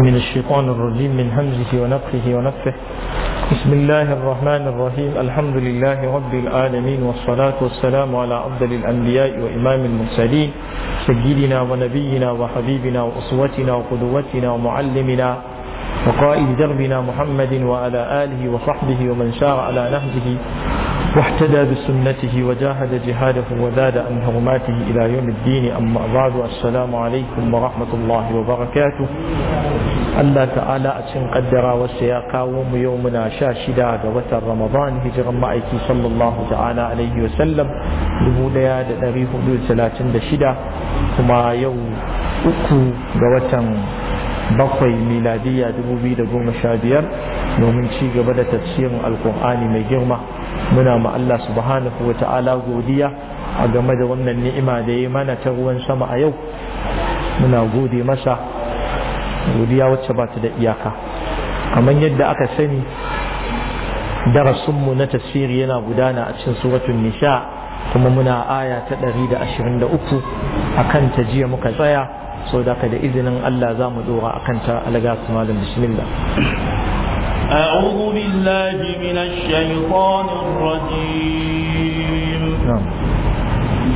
من الشيطان الرجيم من همزه ونفخه ونفخه بسم الله الرحمن الرحيم الحمد لله رب العالمين والصلاة والسلام على أفضل الأنبياء وإمام المرسلين سيدنا ونبينا وحبيبنا وأسوتنا وقدوتنا ومعلمنا وقائد دربنا محمد وعلى آله وصحبه ومن شاء على نهجه واحتدى بسنته وجاهد جهاده وزاد عن حرماته إلى يوم الدين أما بعد السلام عليكم ورحمة الله وبركاته الله تعالى أتن قدر وسياقا وم يومنا شاشدا دوة رمضان هجر مائكي صلى الله تعالى عليه وسلم لمولايا دريه دول سلاتن دشدا كما يوم أكو دوة bakwai miladiyya 2015 domin ci gaba da tafsirin alkur'ani mai girma muna ma Allah subhanahu wa ta'ala godiya a game da wannan ni'ima da ya mana ta ruwan sama a yau muna gode masa godiya wacce ba ta da iyaka kamar yadda aka sani darasinmu na tasiri yana gudana a cikin suratun nisha kuma muna aya ta 123 a kan ta jiya muka tsaya sau da ka da izinin Allah za mu dora a kanta alagasu malam bismillah أعوذ بالله من الشيطان الرجيم نعم.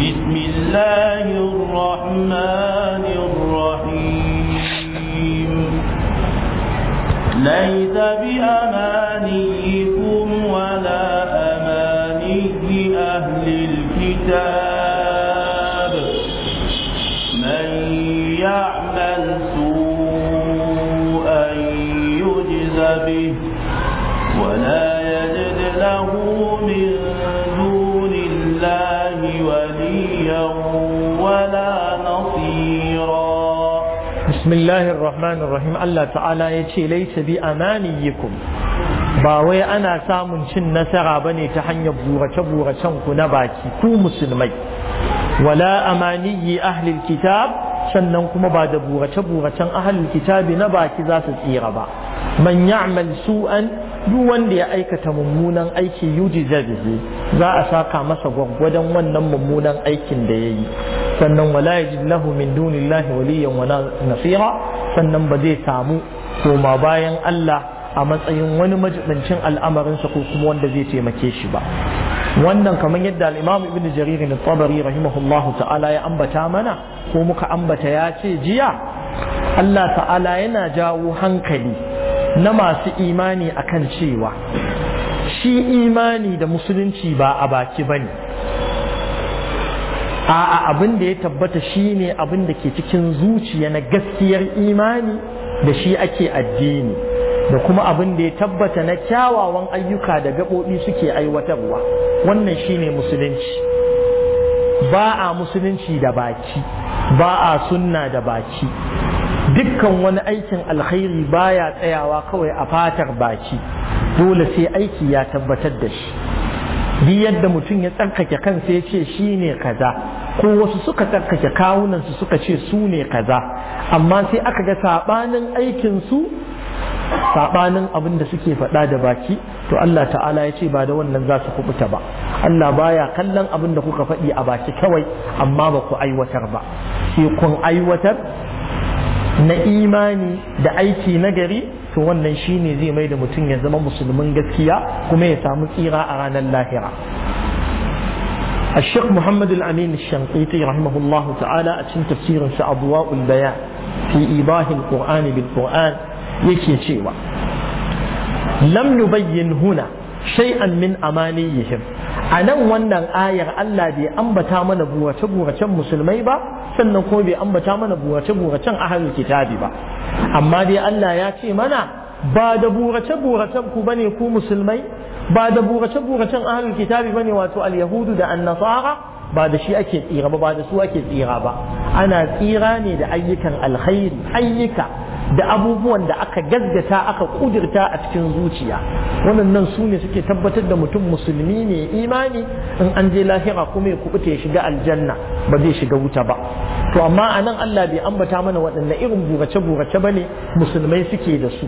بسم الله الرحمن الرحيم ليس بأمانيكم ولا أماني أهل الكتاب من يعمل سوء bismillahir Allah ta'ala ya ce laisa bi ba wai ana samun cin nasara bane ta hanyar burace buracen ku na baki ku musulmai wala ahlil kitab sannan kuma ba da burace buracen ahlil kitabi na baki za tsira ba duk wanda ya aikata mummunan aiki yuji za a saka masa gwagwadon wannan mummunan aikin da ya yi sannan wala ya lahu min dunillahi waliyan wala nasira sannan ba zai samu koma bayan Allah a matsayin wani majibincin al'amarinsa ko kuma wanda zai taimake shi ba wannan kamar yadda al'imamu imam Ibn Jarir al-Tabari ta'ala ya ambata mana ko muka ambata ya ce jiya Allah ta'ala yana jawo hankali na masu imani akan cewa shi imani da musulunci ba a baki bane a'a abin da ya tabbata shine abin da ke cikin zuciya na gaskiyar imani da shi ake addini da kuma abin da ya tabbata na kyawawan ayyuka da gaɓoɓi suke aiwatarwa wannan shine musulunci ba a musulunci da baki ba a sunna da baki dukkan wani aikin alkhairi baya tsayawa kawai a fatar baki dole sai aiki ya tabbatar da shi bi yadda mutum ya tsarkake kansa ya ce shi ne kaza ko wasu suka tsarkake kawunansu suka ce su ne kaza amma sai aka ga saɓanin aikinsu saɓanin abin da suke faɗa da baki to Allah ta'ala ya ce ba da wannan za su kubuta ba Allah baya kallon abin da kuka faɗi a baki kawai amma ba ku aiwatar ba sai kun aiwatar na imani da aiki na gari to wannan shine zai mai da mutum ya zama musulmin gaskiya kuma ya samu tsira a ranar lahira الشيخ محمد الأمين الشنقيطي رحمه الله تعالى أتم تفسير أضواء البيان في إيضاح القرآن بالقرآن يكي شيوا لم يبين هنا شيئا من أمانيهم a nan wannan ayar Allah bai ambata mana burace-buracen musulmai ba sannan kuma bai ambata mana burace-buracen ahalul kitabi ba amma dai Allah ya ce mana ba da burace-buracen ku bane ku musulmai ba da burace-buracen ahalul kitabi bane wato al-yahudu da annasara ba da shi ake tsira ba ba da su ake tsira ba ana tsira ne da ayyukan alkhairi ayyuka da abubuwan da aka gaggata aka kudirta a cikin zuciya waɗannan su ne suke tabbatar da mutum musulmi ne imani in an je lahira kuma ya kubuta ya shiga aljanna ba zai shiga wuta ba to amma a nan Allah bai ambata mana waɗanne irin burace-burace bane musulmai suke da su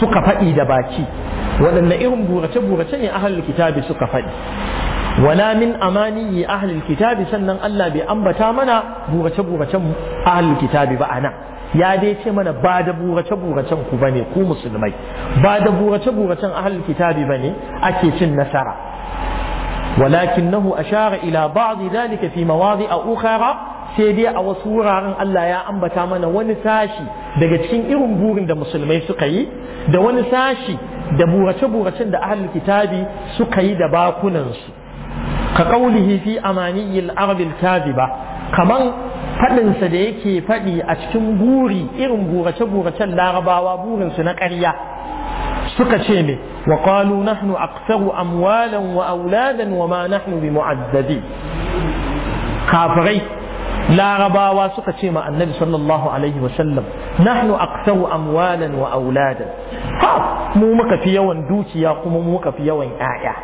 suka faɗi da baki waɗanne irin burace-burace ne ahlul kitabi suka faɗi wala min amaniyi ahlul kitabi sannan Allah bai ambata mana burace-buracen ahlul kitabi ba a nan ya dai ce mana ba da burace buracen ku bane ku musulmai ba da burace buracen ahlul kitabi bane ake cin nasara ولكنه أشار إلى بعض ذلك في a ukara sai dai a wasu wuraren Allah ya ambata mana wani sashi daga cikin irin burin da musulmai suka yi da wani sashi da burace-buracen da ahlul kitabi suka yi da bakunansu ka kaulihi fi amaniyil arabil kaziba kaman faɗinsa da yake faɗi a cikin buri irin burace-buracen larabawa burinsu na ƙarya suka ce ne wa qalu nahnu aksaru amwalan wa auladan wa ma nahnu bi mu'addadi kafirai larabawa suka ce ma annabi sallallahu alaihi wa sallam nahnu aksaru amwalan wa auladan ha mu muka fi yawan dukiya kuma mu muka fi yawan 'ya'ya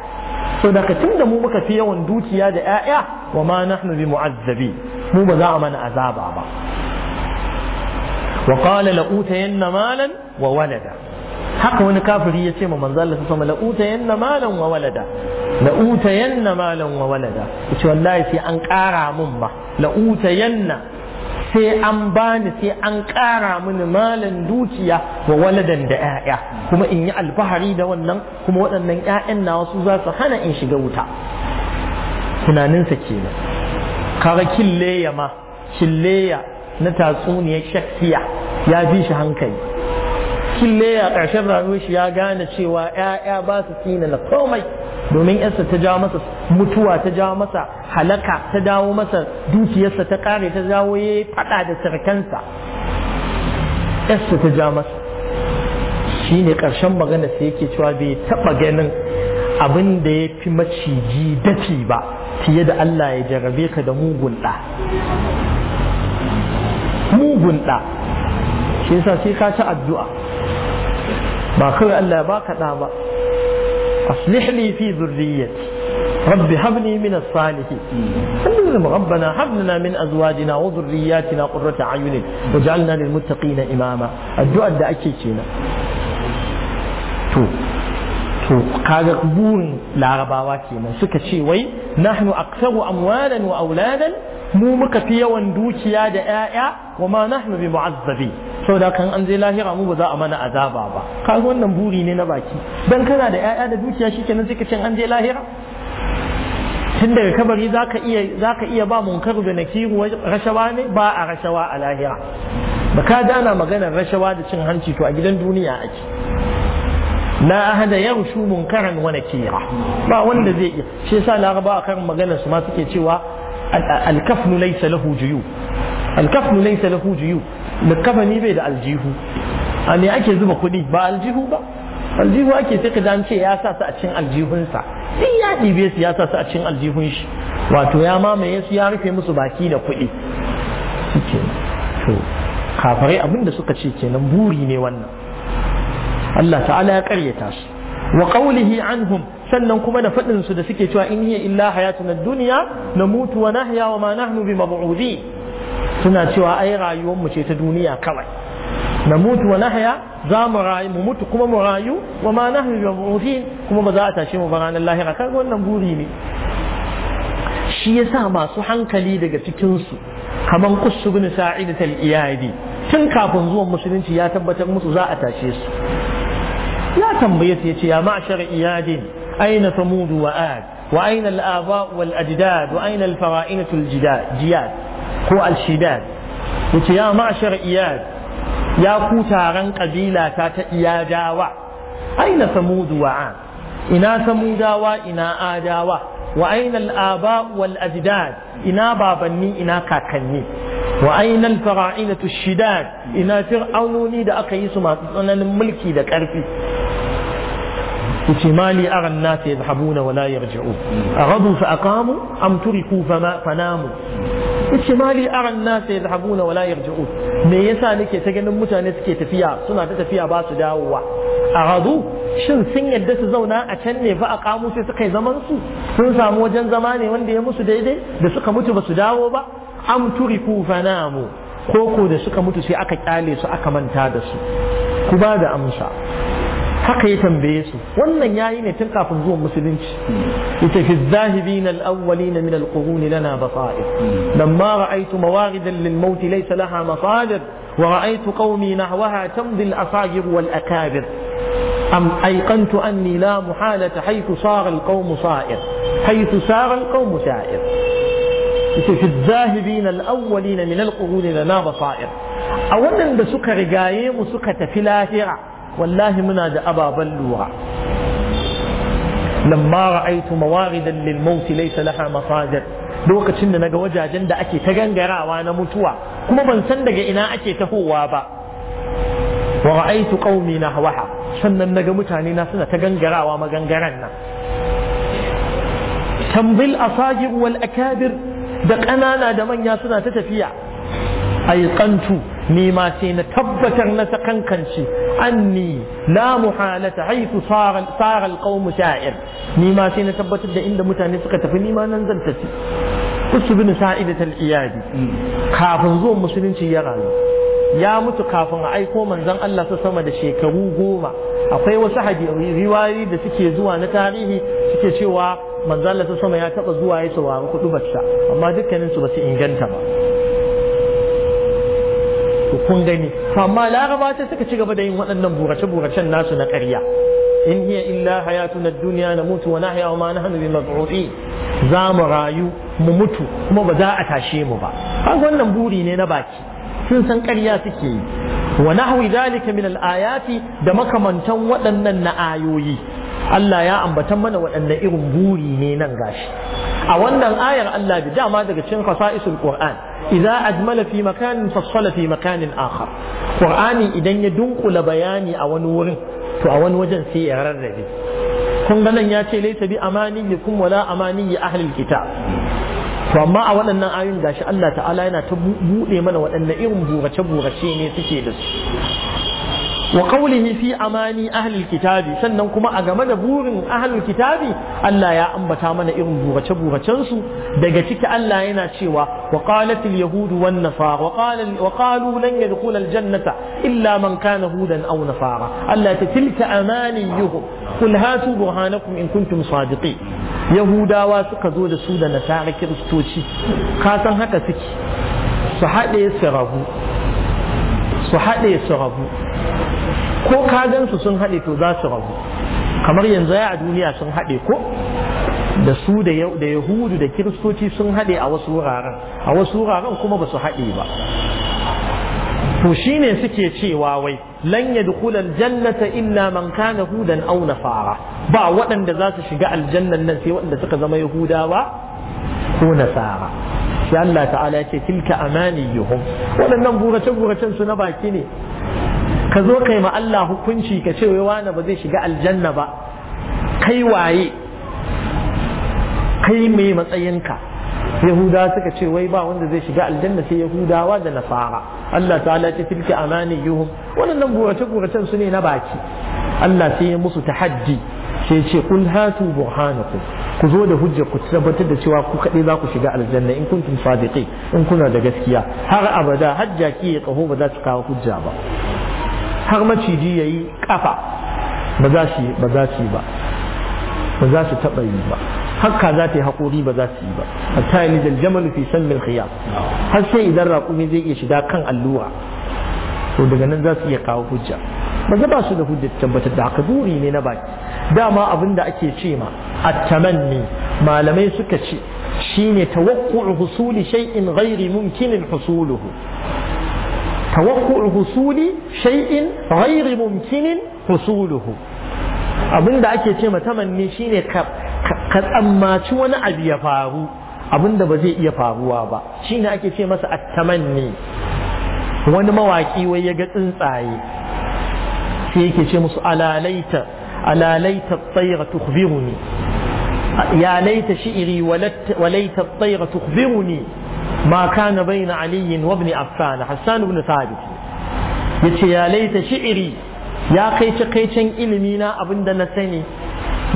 so daga tun da mu muka fi yawan dukiya da 'ya'ya wa ma nahnu bi mu'azzabi mu ba za a mana azaba ba wa qala la utayanna malan wa walada haka wani kafiri ya ce ma manzo Allah sama la utayanna malan wa walada la utayanna malan wa walada yace wallahi sai an ƙara mun ba la utayanna sai an bani sai an ƙara mini malan dukiya wa waladan da 'ya'ya kuma in yi alfahari da wannan kuma waɗannan 'ya'yan na wasu za su hana in shiga wuta tunaninsa kenan kaga killeya ma killeya na tatsuniyar shakkiya ya fi shi hankali killeya ƙarshen rayuwar shi ya gane cewa 'ya'ya ba su tsina na komai domin yarsa ta jawo masa mutuwa ta jawo masa halaka ta dawo masa dukiyarsa ta kare ta jawo ya fada da sarkansa yarsa ta jawo masa shi ne ƙarshen magana sai yake cewa bai taɓa ganin abin da ya fi maciji dafi ba fiye da Allah ya jarabe ka da mugun ɗa mugun ɗa shi yasa sai ka ci addu'a ba kawai Allah ya baka ɗa ba أصلح لي في ذريتي رب هب لي من الصالحين اللهم ربنا هب لنا من أزواجنا وذرياتنا قرة أعين وجعلنا للمتقين إماما الدعاء ده أكيد to to kaga burin larabawa kenan suka ce wai nahnu aktsaru amwalan wa auladan mu muka fi yawan dukiya da 'ya'ya kuma nahnu bi mu'azzabi da kan an je lahira mu ba za a mana azaba ba kaga wannan buri ne na baki dan kana da 'ya'ya da dukiya shikenan sai ka ce an je lahira tun daga kabari zaka iya iya ba munkaru da nakiru rashawa ne ba a rashawa a lahira ba ka dana maganar rashawa da cin hanci to a gidan duniya ake la ahada yarshu munkaran wa nakira ba wanda zai iya shi yasa laraba a karin maganar su ma suke cewa alkafnu laysa lahu juyu alkafnu laysa lahu juyu likafani bai da aljihu a me ake zuba kuɗi ba aljihu ba aljihu ake sai ka an ya sa su a cikin aljihunsa sai ya ɗibe su ya sa su a cikin aljihun shi wato ya mamaye su ya rufe musu baki da kuɗi suke to kafirai abin da suka ce kenan buri ne wannan Allah ta'ala ya karyata su wa ƙaulihi anhum sannan kuma da faɗin su da suke cewa in hiya illa hayatuna dunya namutu wa nahya wa ma nahnu bimab'udi suna cewa ai rayuwar mu ce ta duniya kawai mutu wa nahya za mu rayu mu mutu kuma mu rayu wa ma nahnu bimab'udin kuma ba za a tashe mu ba ranar lahira kaga wannan buri ne shi yasa masu hankali daga cikin su kaman qussu bin sa'id al-iyadi tun kafin zuwan musulunci ya tabbatar musu za a tashe su ya tambaye su ya ce ya ma'ashar iyadin أين ثمود وآد وأين الآباء والأجداد وأين الفرائنة الجياد هو الشداد يا معشر إياد يا كوتارا قبيلة تات إياداوة أين ثمود وآد إنا ثموداوة إنا آداوة وأين الآباء والأجداد إنا بابني إنا كاكني وأين الفراعنة الشداد إنا فرعونوني دا أكيس ما تسنن الملكي دا كارفي yace mali aran nas yadhhabuna wa yarji'u aghadu fa aqamu am turiku fa fanamu yace mali aran nas yadhhabuna wa yarji'u me yasa nake ta ganin mutane suke tafiya suna ta tafiya ba su dawowa aghadu shin sun yadda su zauna a can ne fa aqamu sai suka yi zaman su sun samu wajen zama ne wanda ya musu daidai da suka mutu ba su dawo ba am turiku fanamu Ko da suka mutu sai aka kyale su aka manta da su ku ba da amsa haka ya tambaye su wannan yayi ne tun kafin zuwan musulunci yace fi zahibin alawwalin min alqurun qurun lana basair lamma ra'aytu mawaridan lil-maut laysa laha masadir wa ra'aytu qaumi nahwaha tamdil al-asagir wal-akabir أم am ayqantu anni la muhala أيقنت أني لا محالة حيث صار القوم صائر حيث سار القوم سائر في الذاهبين الأولين من القرون لنا suka rigaye mu suka tafi lahira wallahi muna da ababen lura lamma ra'aytu mawaridan lil maut laysa laha mafajar lokacin da naga wajajen da ake ta gangarawa na mutuwa kuma ban san daga ina ake tahowa ba wa ra'aytu qaumi nahwaha sannan naga mutane na suna ta gangarawa magangaran nan tambil asagir wal akabir da ƙanana da manya suna ta tafiya aiqantu ni ma sai na tabbatar na ta kankance anni la muhalata haythu sara sara alqawm sha'ir ni ma sai na tabbatar da inda mutane suka tafi ni ma nan zan tafi usu bin sa'idat al-iyadi kafin zuwan musulunci ya rayu ya mutu kafin a aiko manzon Allah sa sama da shekaru goma akwai wasu riwayoyi da suke zuwa na tarihi suke cewa manzon Allah sa sama ya taba zuwa ya saurari kudubarsa amma dukkanin su ba su inganta ba to kun gani amma laraba ta suka ci gaba da yin waɗannan burace-buracen nasu na ƙarya in hiya illa hayatuna duniya na mutu wa nahya wa ma nahnu bi mab'uthi za mu rayu mu mutu kuma ba za a tashe mu ba an wannan buri ne na baki sun san ƙarya suke yi wa nahwi zalika min al-ayati da makamantan waɗannan na ayoyi Allah ya ambatan mana waɗanne irin buri ne nan gashi a wannan ayar Allah bi dama daga cikin fasa'isul Qur'an idza ajmala fi makanin fassala fi makanin akhar Qur'ani idan ya dunkula bayani a wani wurin to a wani wajen sai ya rarrabe kun ga nan ya ce laysa bi amaniyikum wala amaniyi ahlil kitab to amma a waɗannan ayoyin gashi Allah ta'ala yana ta buɗe mana waɗannan irin burace-burace ne suke da su wa qawlihi fi amani ahlul kitabi sannan kuma a game da burin ahlul kitabi Allah ya ambata mana irin burace buracensu. su daga ciki Allah yana cewa wa qalat al wan nasara wa qala wa qalu lan yadkhul jannata illa man kana hudan aw nasara Allah ta tilka amaniyuhum qul hatu burhanakum in kuntum sadiqin yahudawa suka zo da su da nasara kiristoci ka san haka suke su haɗe su rabu su haɗe su rabu ko ka gansu sun haɗe to za su rabu kamar yanzu a duniya sun haɗe ko da su da yahudu da kiristoci sun haɗe a wasu wuraren a wasu wuraren kuma ba su haɗe ba to shine suke cewa wai lan yadkhul aljannata illa man kana hudan aw nasara ba waɗanda za su shiga aljannan nan sai waɗanda suka zama ba? ko nasara sai Allah ta'ala ya ce tilka amaniyuhum waɗannan burace-buracen su na baki ne ka zo kai ma Allah hukunci ka ce wai wani ba zai shiga aljanna ba kai waye kai mai matsayinka yahuda suka ce wai ba wanda zai shiga aljanna sai yahudawa da nasara Allah ta'ala ta tilka amaniyuhum wannan burace buracen su ne na baki Allah sai ya musu tahaddi sai ce kul hatu burhanakum ku zo da hujja ku tabbatar da cewa ku kaɗai za ku shiga aljanna in kuntum sadiqi in kuna da gaskiya har abada hajjaki ya kaho ba za su kawo hujja ba har maciji ya yi kafa ba za su ba za ba ba za su taɓa yi ba hakka za ta yi haƙori ba za su yi ba hatta ya nijar jamal fi mil khiyam har sai idan raƙumi zai iya shiga kan allura to daga nan za su iya kawo hujja ba za ba su da hujja tabbatar da haka buri ne na baki dama abin da ake ce ma attaman tamanni malamai suka ce shine tawakku'u husuli shay'in ghairi mumkinin husuluhu tawaqqu'u husuli شيء غير ممكن حصوله abin da ake ce matamanni shine ka tsammaci wani abu ya faru abin da ba zai iya faruwa ba shine ake ce masa attamanni wani mawaki wai ya ga tsuntsaye sai yake ce musu alalaita alalaita tsayra tukhbiruni ya laita shi'iri walaita tsayra tukhbiruni ma kana bayna aliyin wa ibn affan hassan ibn thabit yace ya laita shi'iri ya kai ci kai can ilimi na abinda na sani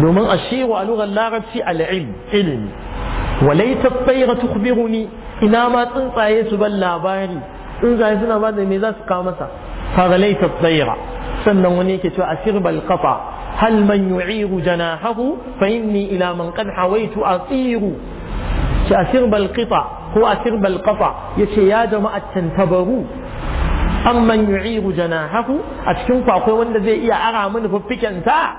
domin ashiru a lugar larabci al'ilm ilimi walaita tsaira tukhbiruni ina ma tsuntsaye su ban labari tsuntsaye suna ba da me za su kawo masa kaga laita tsaira sannan wani yake cewa asir bal qafa hal man yu'iru janahahu fa inni ila man qad hawaitu asiru shi asir bal ko asir bal qafa yace ya jama'a tantabaru amman yu'iru janahahu a cikin ku akwai wanda zai iya ara mini fiffiken ta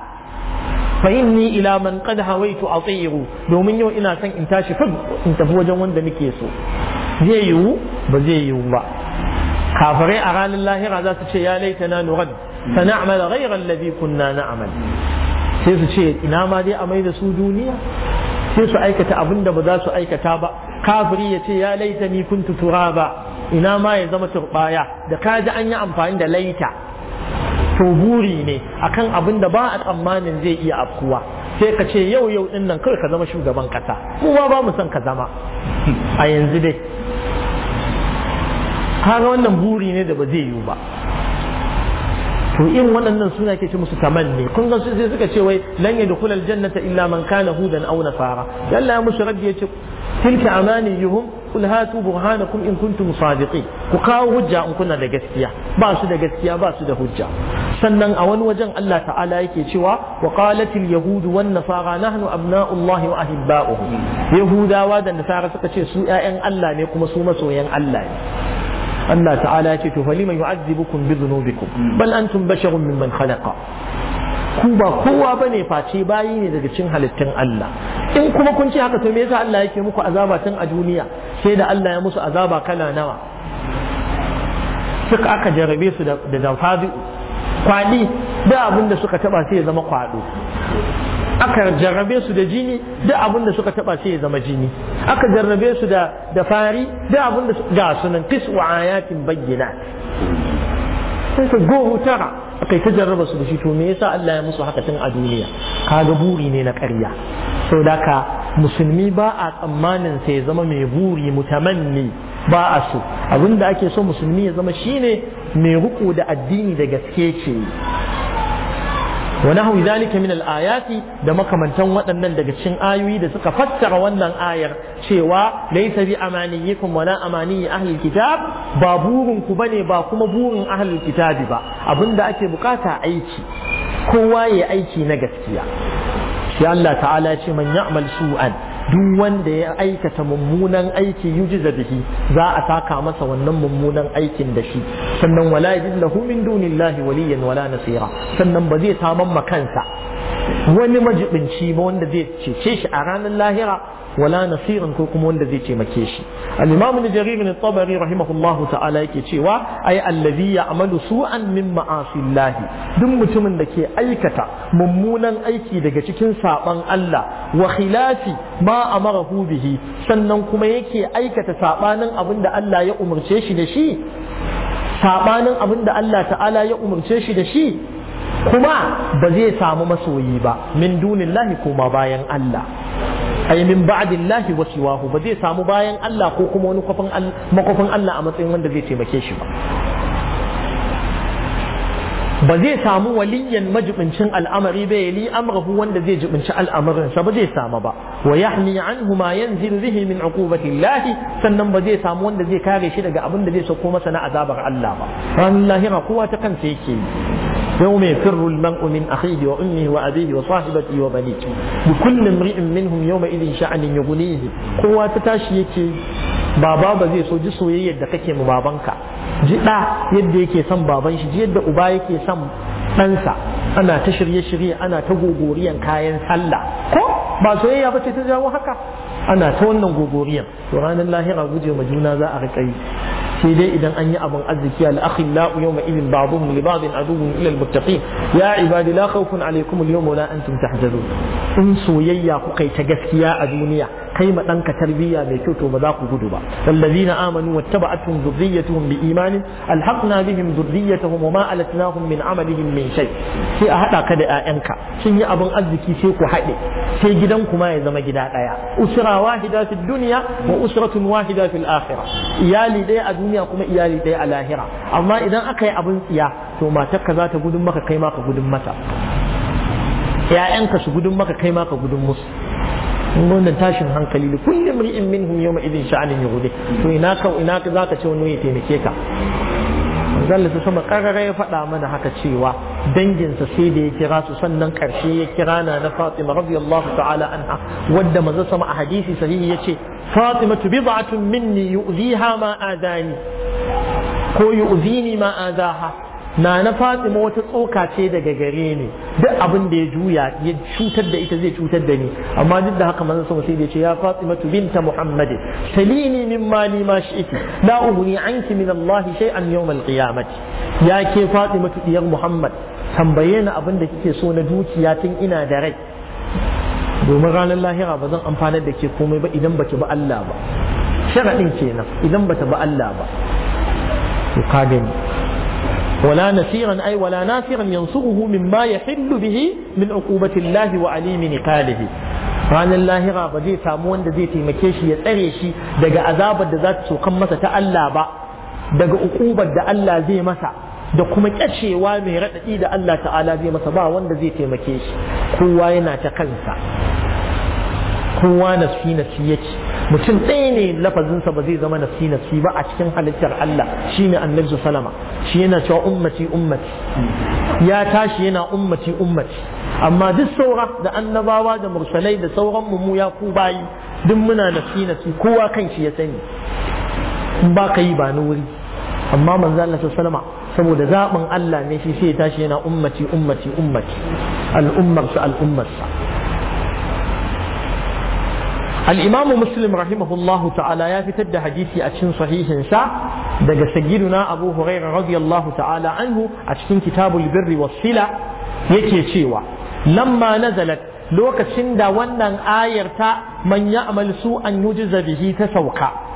fa inni ila man qad hawaitu atiru domin yau ina son in tashi fib in tafi wajen wanda nake so zai yiwu ba zai yiwu ba kafare a ranar lahira za su ce ya laitana nurad fa na'mal ghayra alladhi kunna na'mal sai su ce ina ma dai a mai da su duniya sai su aikata abinda da ba za su aikata ba kafiri ya ce ya laita ni kuntu turaba ina ma ya zama turbaya da kaji ji an yi amfani da laita to buri ne akan abin da ba a tsammanin zai iya afkuwa sai ka ce yau yau din nan kar ka zama shugaban kasa kowa ba mu son ka zama a yanzu dai kaga wannan buri ne da ba zai yiwu ba to irin waɗannan suna ke ce musu ne kun ga sai suka ce wai lan kulal jannata illa man kana hudan aw nasara yalla ya musu rabbi ce tilka yuhum kul hatu burhanakum in kuntum sadiqin ku kawo hujja in kuna da gaskiya ba su da gaskiya ba su da hujja sannan a wani wajen Allah ta'ala yake cewa wa qalatil yahud wan nasara nahnu abna'ullahi wa ahibba'uhu yahudawa da nasara suka ce su ƴaƴan Allah ne kuma su masoyan Allah ne Allah ta'ala ce to falima yu'azzibukum bi dhunubikum bal antum basharun mimman khalaqa ku ba kowa bane face bayi ne daga cin halittun Allah in kuma kun ce haka to me yasa Allah yake muku azaba tun a duniya sai da Allah ya musu azaba kala nawa suka aka jarabe su da zamfadi kwali da abin da suka taba sai ya zama kwado aka jarrabe su da jini da abin da suka taba sai ya zama jini aka jarrabe su da da fari da abin da ga sunan tis'u ayatin bayyinat sai su go tara kai ta jarraba su da shi to me yasa Allah ya musu haka tun a duniya kaga buri ne na ƙarya saboda ka musulmi ba a tsammanin sa ya zama mai buri mutamanni ba a so abinda ake so musulmi ya zama shine mai riko da addini da gaske ce wa nahwi zalika min al-ayati da makamantan waɗannan daga cikin ayoyi da suka fassara wannan ayar cewa laysa bi amaniyikum wala amaniyi ahli kitab ba burin ku bane ba kuma burin ahalin kitabi ba abinda ake bukata aiki kowa ya aiki na gaskiya shi Allah ta'ala ce man ya'mal su'an duk wanda ya aikata mummunan aiki yujiza bihi za a saka masa wannan mummunan aikin da shi sannan wala yajidlahu min dunillahi waliyan wala nasira sannan ba zai saman kansa wani majibinci ba wanda zai cece shi a ranar lahira wala nasirin ko kuma wanda zai taimake shi al-imam ibn jarir ibn tabari rahimahullahu ta'ala yake cewa ay allazi ya'malu su'an min ma'asillah duk mutumin da ke aikata mummunan aiki daga cikin saɓan Allah wa khilafi ma amarahu bihi sannan kuma yake aikata sabanin abinda Allah ya umarce shi da shi sabanin abinda Allah ta'ala ya umarce shi da shi kuma ba zai samu masoyi ba min dunillahi kuma bayan Allah ai min ba'dillahi wa siwahu ba zai samu bayan Allah ko kuma wani kofin makofin Allah a matsayin wanda zai taimake shi ba ba zai samu waliyan majibincin al'amari ba yali amrahu wanda zai jibinci sa ba zai samu ba wa yahmi anhu ma yanzil bihi min uqubatillahi sannan ba zai samu wanda zai kare shi daga abin da zai sauko masa na azabar Allah ba ran lahira kowa ta kansa yake yi Yau mai يوم يفر المرء من أخيه وأمه وأبيه وصاحبته وبنيه لكل امرئ ya يومئذ شأن يغنيه قوة تتاشي يكي baba ba zai so ji soyayyar da kake mu babanka ji da yadda yake son baban shi ji yadda uba yake son ɗansa ana ta shirye-shirye ana ta gogoriyan kayan sallah ko ba soyayya ba ce ta jawo haka ana ta wannan gogoriyan to ranar lahira guje ma juna za a riƙa yi sai dai idan an yi abin arziki al akhillau yawma idin ba'dhum li ba'dhin aduwwun ila al muttaqin ya ibadi la khawfun alaykum al yawma la antum tahzanun in soyayya ku kai ta gaskiya a duniya kai ma ɗanka tarbiyya mai kyau to ba za ku gudu ba wallazina amanu wattaba'atuhum dhurriyyatuhum biimanin alhaqna bihim dhurriyyatuhum wama alatnahum min amalihim min shay sai a hada ka da ƴaƴanka sun yi abin arziki sai ku haɗe sai gidan kuma ya zama gida ɗaya usra wahida fid dunya wa usratun wahida fil akhirah iyali ɗaya a duniya kuma iyali ɗaya a lahira amma idan aka yi abin tsiya to matarka za ta gudun maka kai ma ka gudun mata ‘ya'yanka su gudun maka kai ma ka gudun musu wannan tashin hankali ne kullum ri'in minhum yawma idin sha'anin yahudi to ina ka ina ka zaka ce wani ya taimake ka manzon ta sama karara ya faɗa mana haka cewa danginsa sai da ya kira su sannan karshe ya kira na na Fatima radiyallahu ta'ala anha wadda manzon sama a hadisi sahihi yace Fatima bid'atun minni yu'ziha ma adani ko yu'zini ma adaha na na fatima wata tsoka ce daga gare ni duk abin da ya juya ya cutar da ita zai cutar da ni amma duk da haka manzon sallallahu alaihi wasallam ya fatima binta muhammad salini min mali ma shi'ti la uhni anki min allah shay'an yawm al-qiyamah ya ke fatima diyar muhammad tambaye ni abin da kike so na dukiya tun ina da rai domin ranar lahira ba zan amfanar da ke komai ba idan baki ba Allah ba sharaɗin kenan idan bata ba Allah ba ka gani ولا نسيرا أي ولا نافرا ينصره مما يحل به من عقوبة الله وعليم نقاله ranar lahira ba zai samu wanda zai taimake shi ya tsare shi daga azabar da za ta sokan masa ta Allah ba daga ukubar da Allah zai masa da kuma kyacewa mai raɗaɗi da Allah ta'ala zai masa ba wanda zai taimake shi kowa yana ta kansa kowa nasi nasi yake mutum ɗaya ne lafazinsa ba zai zama nafsi nafsi ba a cikin halittar Allah shine annabi salama. shi yana cewa ummati ummati ya tashi yana ummati ummati amma duk saura da annabawa da mursalai da sauran mu ya ku bayi duk muna nafsi nafsi kowa kan shi ya sani in ba ka yi ba ni wuri amma manzo Allah salama. saboda zaɓin Allah ne shi sai ya tashi yana ummati ummati ummati al'ummarsa al'ummarsa al muslim rahimahullahu ta'ala ya fitar da hadisi a cikin sahihin sa daga na abu huraira. radiyallahu ta'ala anhu a cikin kitabul birri was sila yake cewa na nazalat lokacin da wannan ayar ta man ya'mal su an yujza bihi ta sauka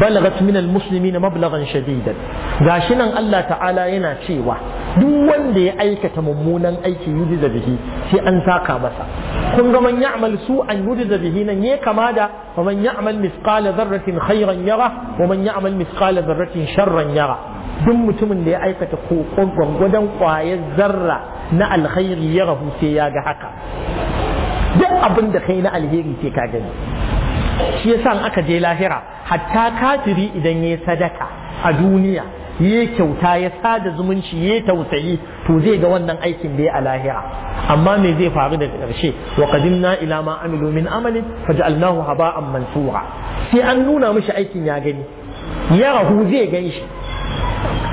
balagat min almuslimina mablagan shadidan gashi nan Allah ta'ala yana cewa duk wanda ya aikata mummunan aiki yujiza bihi sai an saka masa kun ga man ya'mal su'an yujiza bihi nan ne kama da wa man ya'mal misqala dharratin yara wa man ya'mal misqala dharratin sharran yara duk mutumin da ya aikata kokon gwangwadon kwayar zarra na alkhairi ya rahu sai ya ga haka duk abin da kai na alheri sai ka gani shi yasa san aka je lahira hatta kafiri idan ya sadaka a duniya ya kyauta ya sada zumunci ya tausayi to zai ga wannan aikin da ya a lahira amma me zai faru daga ƙarshe wa qadimna ila ma amilu min amalin faj'alnahu haba'an mansura sai an nuna mishi aikin ya gani ya rahu zai gan shi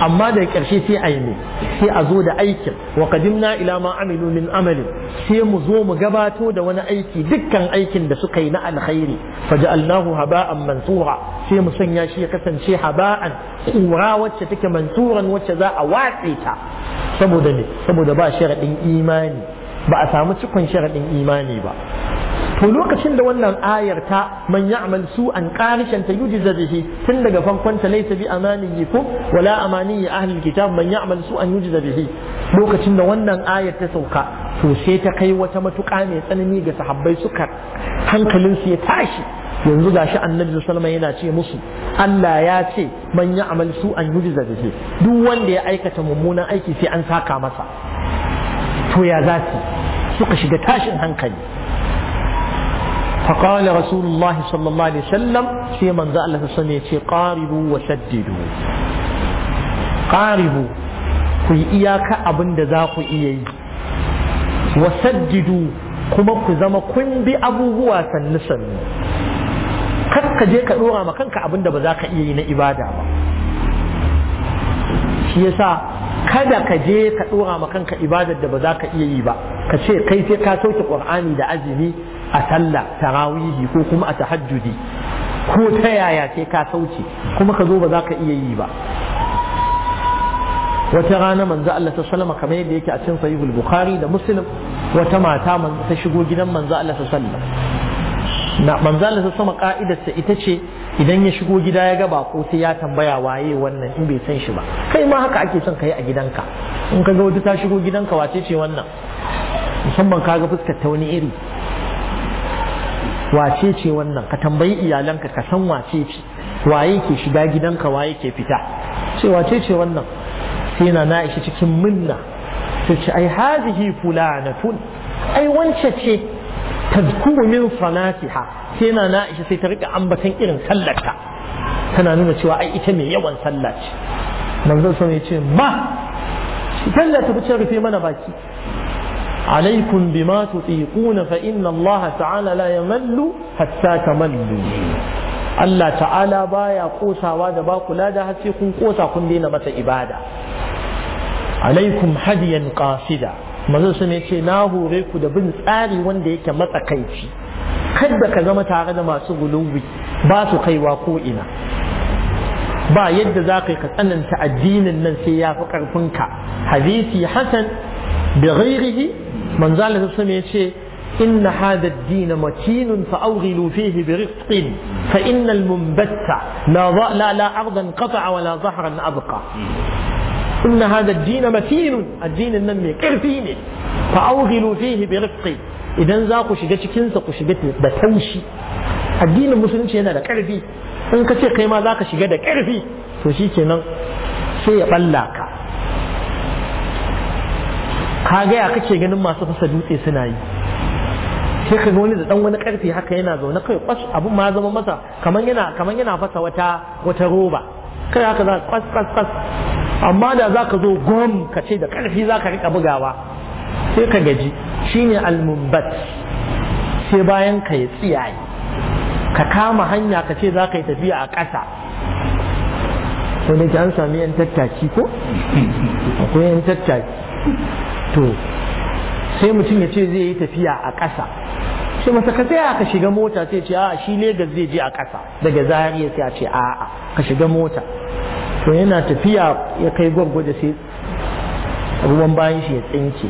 amma da ƙarshe sai a yi ne sai a zo da aikin wa qadimna ila ma amilu min amalin sai mu zo mu gabato da wani aiki dukkan aikin da suka yi na alkhairi faja'alnahu haba'an mansura sai mu sanya shi ya kasance haba'an kura wacce take mansuran wacce za a watse ta saboda ne saboda ba sharadin imani ba a samu cikon sharadin imani ba to lokacin da wannan ayar ta man ya'mal su'an qarishan ta yujiza bihi tun daga farkon ta laysa bi amaniyikum wala amaniyi ahli kitab man ya'mal su'an yujiza bihi lokacin da wannan ayar ta sauka to sai ta kai wata matuƙa mai tsanani ga sahabbai suka hankalinsu ya tashi yanzu gashi annabi sallama yana ce musu Allah ya ce man ya amal su an yujiza bihi duk wanda ya aikata mummunan aiki sai an saka masa to ya za su suka shiga tashin hankali فقال رسول الله صلى الله عليه وسلم في من ذا الله صلى قاربوا وسددوا قاربوا ku yi iyaka abin da za iya yi wasajjidu kuma ku zama kun bi abubuwa sannu sannu kar ka je ka dora ma kanka abin da ba za ka iya yi na ibada ba shi yasa kada ka je ka dora ma kanka ibadar da ba za ka iya yi ba ka ce kai sai ka sauke qur'ani da azumi a sallah tarawihi ko kuma a tahajjudi ko ta yaya sai ka sauce kuma ka zo ba za ka iya yi ba wata rana manzo Allah ta sallama kamar yadda yake a cikin sahihul bukhari da muslim wata mata ta shigo gidan manzo Allah ta sallama manzo Allah ta ita ce idan ya shigo gida ya ga bako sai ya tambaya waye wannan in bai san shi ba kai ma haka ake son kai a gidanka in ka ga wata ta shigo gidanka wace ce wannan musamman ka ga fuskar ta wani iri wace ce wannan ka tambayi iyalanka ka san wace ce waye ke shiga gidanka waye ke fita ce wace ce wannan sai na na ishi cikin minna sai ce ai hazihi fulanatun ai wance ce tazkuru min salatiha sai na na ishi sai ta rika ambatan irin sallarta tana nuna cewa ai ita mai yawan sallah ce manzon sun ya ce ma sallah ta rufe mana baki عليكم بما fa inna الله تعالى ya يمل hatta تملوا Allah ta'ala baya kosawa da ba kula da har sai kun kosa kun daina mata ibada alaikum hadiyan qasida manzo ne yace na hore ku da bin tsari wanda yake matsakaici kada ka zama tare da masu guluwi ba su kaiwa ko ina ba yadda za ka tsananta addinin nan sai ya fi ƙarfinka. hadisi hasan bi ghairihi manzo Allah sallallahu ya ce inna hada dina din fa awghilu fihi bi rifqin fa inna al-munbatta la la la ardan qata'a wa la zahran abqa inna hada dina din matinun addinin nan mai karfi ne fa awghilu fihi bi rifqin idan za ku shiga cikinsa ku shiga da taushi addinin musulunci yana da ƙarfi in ka ce kai ma za ka shiga da ƙarfi to shi kenan sai ya ɓalla ka ka gaya kake ganin masu fasa dutse suna yi sai ka wani da dan wani karfe haka yana zaune kai kwas abun ma zama masa kaman yana kaman yana fasa wata wata roba kai haka za kwas kwas kwas amma da za ka zo gom ka ce da karfi za ka rika bugawa sai ka gaji shine almumbat sai bayan ka ya tsiyaye ka kama hanya ka ce za ka yi tafiya a ƙasa to ne an sami yan tattaki ko akwai yan tattaki to sai mutum ya ce zai yi tafiya a ƙasa shi masa ka tsaya ka shiga mota sai ce a shi Legas zai je a ƙasa daga Zariya sai a ce a'a ka shiga mota to yana tafiya ya kai gwagwaje sai ruwan bayan shi ya tsinke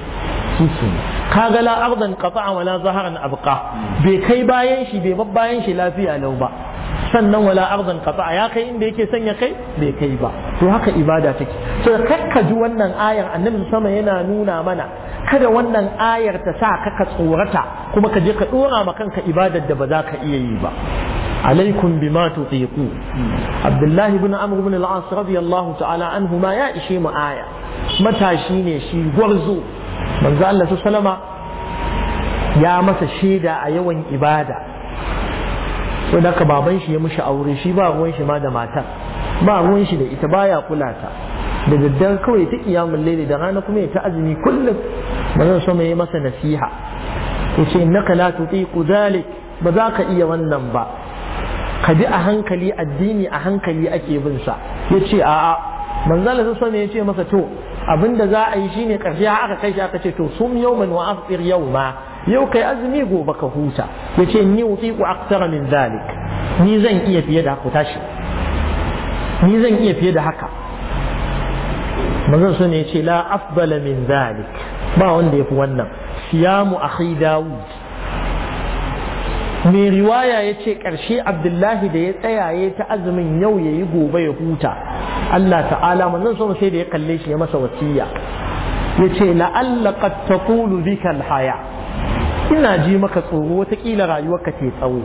shi kaga la ardan qata'a wala zaharan abqa bai kai bayan shi bai bayan shi lafiya lau ba sannan wala arzan qata ya kai inda yake sanya kai bai kai ba to haka ibada take so kakka ji wannan ayar annabi sama yana nuna mana kada wannan ayar ta sa ka ka tsorata kuma ka je ka dora ma kanka ibadar da ba za ka iya yi ba alaikum bima tutiqu abdullahi ibn amr ibn al-as radiyallahu ta'ala anhu ma ya ishe mu aya matashi ne shi gwarzo manzo Allah sallama ya masa shaida a yawan ibada so da baban shi ya mushi aure shi ba ruwan shi ma da matar ba ruwan shi da ita baya kula ta da daddare kawai ta kiyamun laili da rana kuma ya ta azumi kullum ba zan so mai masa nasiha ya ce innaka la tutiqu zalik ba za ka iya wannan ba ka a hankali addini a hankali ake bin sa ya ce a'a manzala sa ya ce masa to abinda za a yi shine karshe aka kai shi aka ce to sum yawman wa afir yawma yau kai azumi gobe ka huta ya ce ni ku aktara min zalik ni zan iya fiye da haka tashi ni zan iya fiye da haka manzon sun ya ce la afdala min zalik ba wanda ya fi wannan siyamu akhi dawud mai riwaya ya ce ƙarshe abdullahi da ya tsayaye ta azumin yau ya yi gobe ya huta Allah ta'ala manzon sun sai da ya kalle shi ya masa wasiya ya ce la'alla qad taqulu bika al-haya ina ji maka tsoro watakila rayuwarka ta tsawo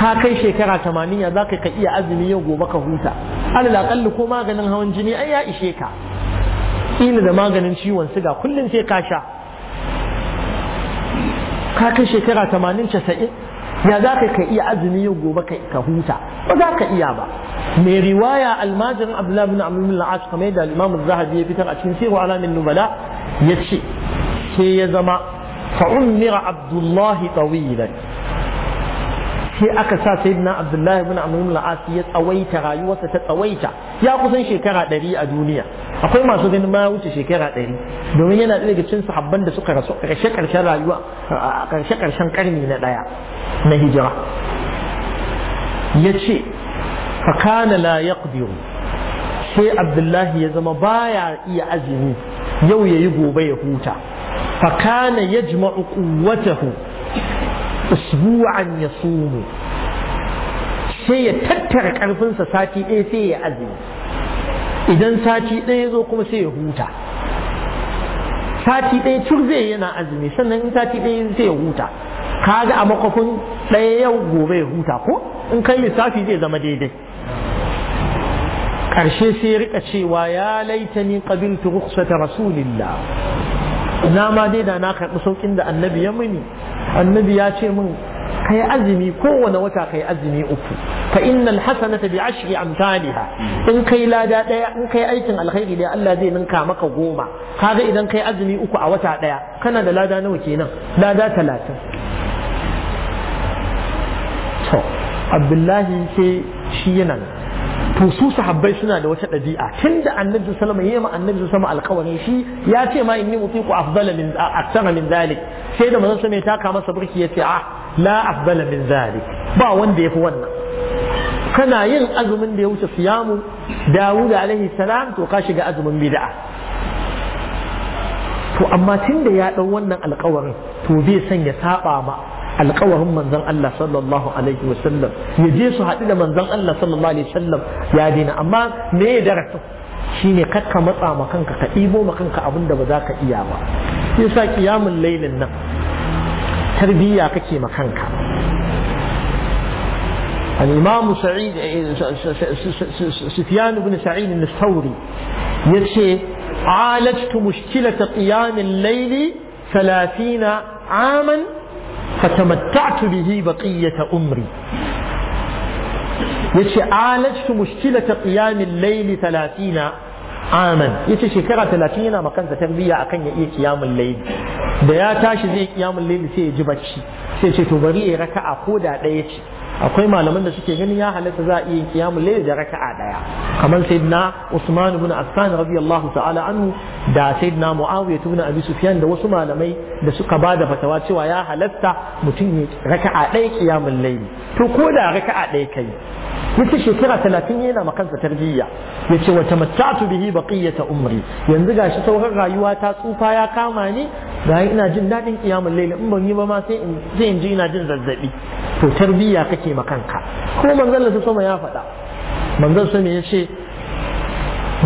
ka kai shekara tamanin ya za ka iya azumi yau gobe ka huta alal akalli ko maganin hawan jini ai ya ishe ka ina da maganin ciwon siga kullum sai ka sha ka kai shekara tamanin casa'in ya za ka iya azumi yau gobe ka huta ba za ka iya ba mai riwaya almajin abdullahi bin amr bin al kamar da imam zahabi ya fitar a cikin sirru alamin nubala ya ce sai ya zama fa'ummira abdullahi tawilan sai aka sa na abdullahi ibn amr ibn ya tsawaita rayuwarsa ta tsawaita ya kusan shekara ɗari a duniya akwai masu ganin ma wuce shekara ɗari domin yana daga cikin sahabban da suka rasu karshe karshen rayuwa karshe karshen karni na ɗaya na hijira yace ce Fakana la yaqdiru sai abdullahi ya zama baya iya azumi yau yayi gobe ya huta فكان يجمع قوته أسبوعا يصوم sai ya tattara ƙarfinsa sati ɗaya sai ya azumi idan sati ɗaya zo kuma sai ya huta sati ɗaya cur zai yana azumi sannan in sati ɗaya sai ya huta kaga a makwafin ɗaya yau gobe ya huta ko in kai lissafi zai zama daidai ƙarshe sai ya rika cewa ya laitani qabiltu rukhsata rasulillah ina ma dai da na karɓi saukin da annabi ya mini annabi ya ce min kai azumi kowane wata kai azumi uku fa innal hasanata bi ashri amsalha in kai lada daya in kai aikin alkhairi da Allah zai ninka maka goma kaga idan kai azumi uku a wata daya kana da lada nawa kenan lada talatin to abdullahi sai shi yana to su sahabbai suna da wata ɗabi'a tunda annabi sallallahu alaihi wasallam annabi alkawari shi ya ce ma inni utiqu afdala min aktara min zalik sai da manzon ta taka masa burki ce a ah, la afdala min zalik ba wanda yafi wannan kana yin azumin da ya wuce siyamu Dawud alaihi salam to ka shiga azumin bid'a to amma tunda ya dau wannan alkawarin to bai son ya saba ma alƙawarin manzon Allah sallallahu alaihi wasallam ya je su haɗu da manzon Allah sallallahu alaihi wasallam ya daina amma me ya darasa shine ka matsa ma kanka ka ɗibo ma kanka abin da ba za ka iya ba yasa kiyamun lailin nan tarbiyya kake ma kanka الإمام سعيد سفيان بن سعيد الثوري يتشي عالجت مشكلة قيام الليل ثلاثين عاما fatamatta'tu bihi baqiyata umri yace alajtu mushkilata qiyam al-layl 30 aman yace shekara 30 yana makansa tarbiyya akan ya iya qiyamul layl da ya tashi zai qiyamul layl sai ya ji bacci sai ce to bari ya raka'a ko da ɗaya ce akwai malaman da suke ganin ya halatta za a iya kiyamu layl da raka'a daya kamar sayyidina Usman ibn Affan radiyallahu ta'ala anhu da sayyidina Muawiya ibn Abi Sufyan da wasu malamai da suka ba da fatawa cewa ya halatta mutum ya raka'a daya kiyamul layl to ko da raka'a daya kai yace shekara talatin yana makansa tarbiyya yace wa tamatta'tu bihi baqiyata umri yanzu gashi sauran rayuwa ta tsufa ya kama ni ga ina jin dadin kiyamul layl in ban yi ba ma sai in ji ina jin zazzabi to tarbiyya kake kake ma kanka ko manzon sama ya faɗa manzon sama ya ce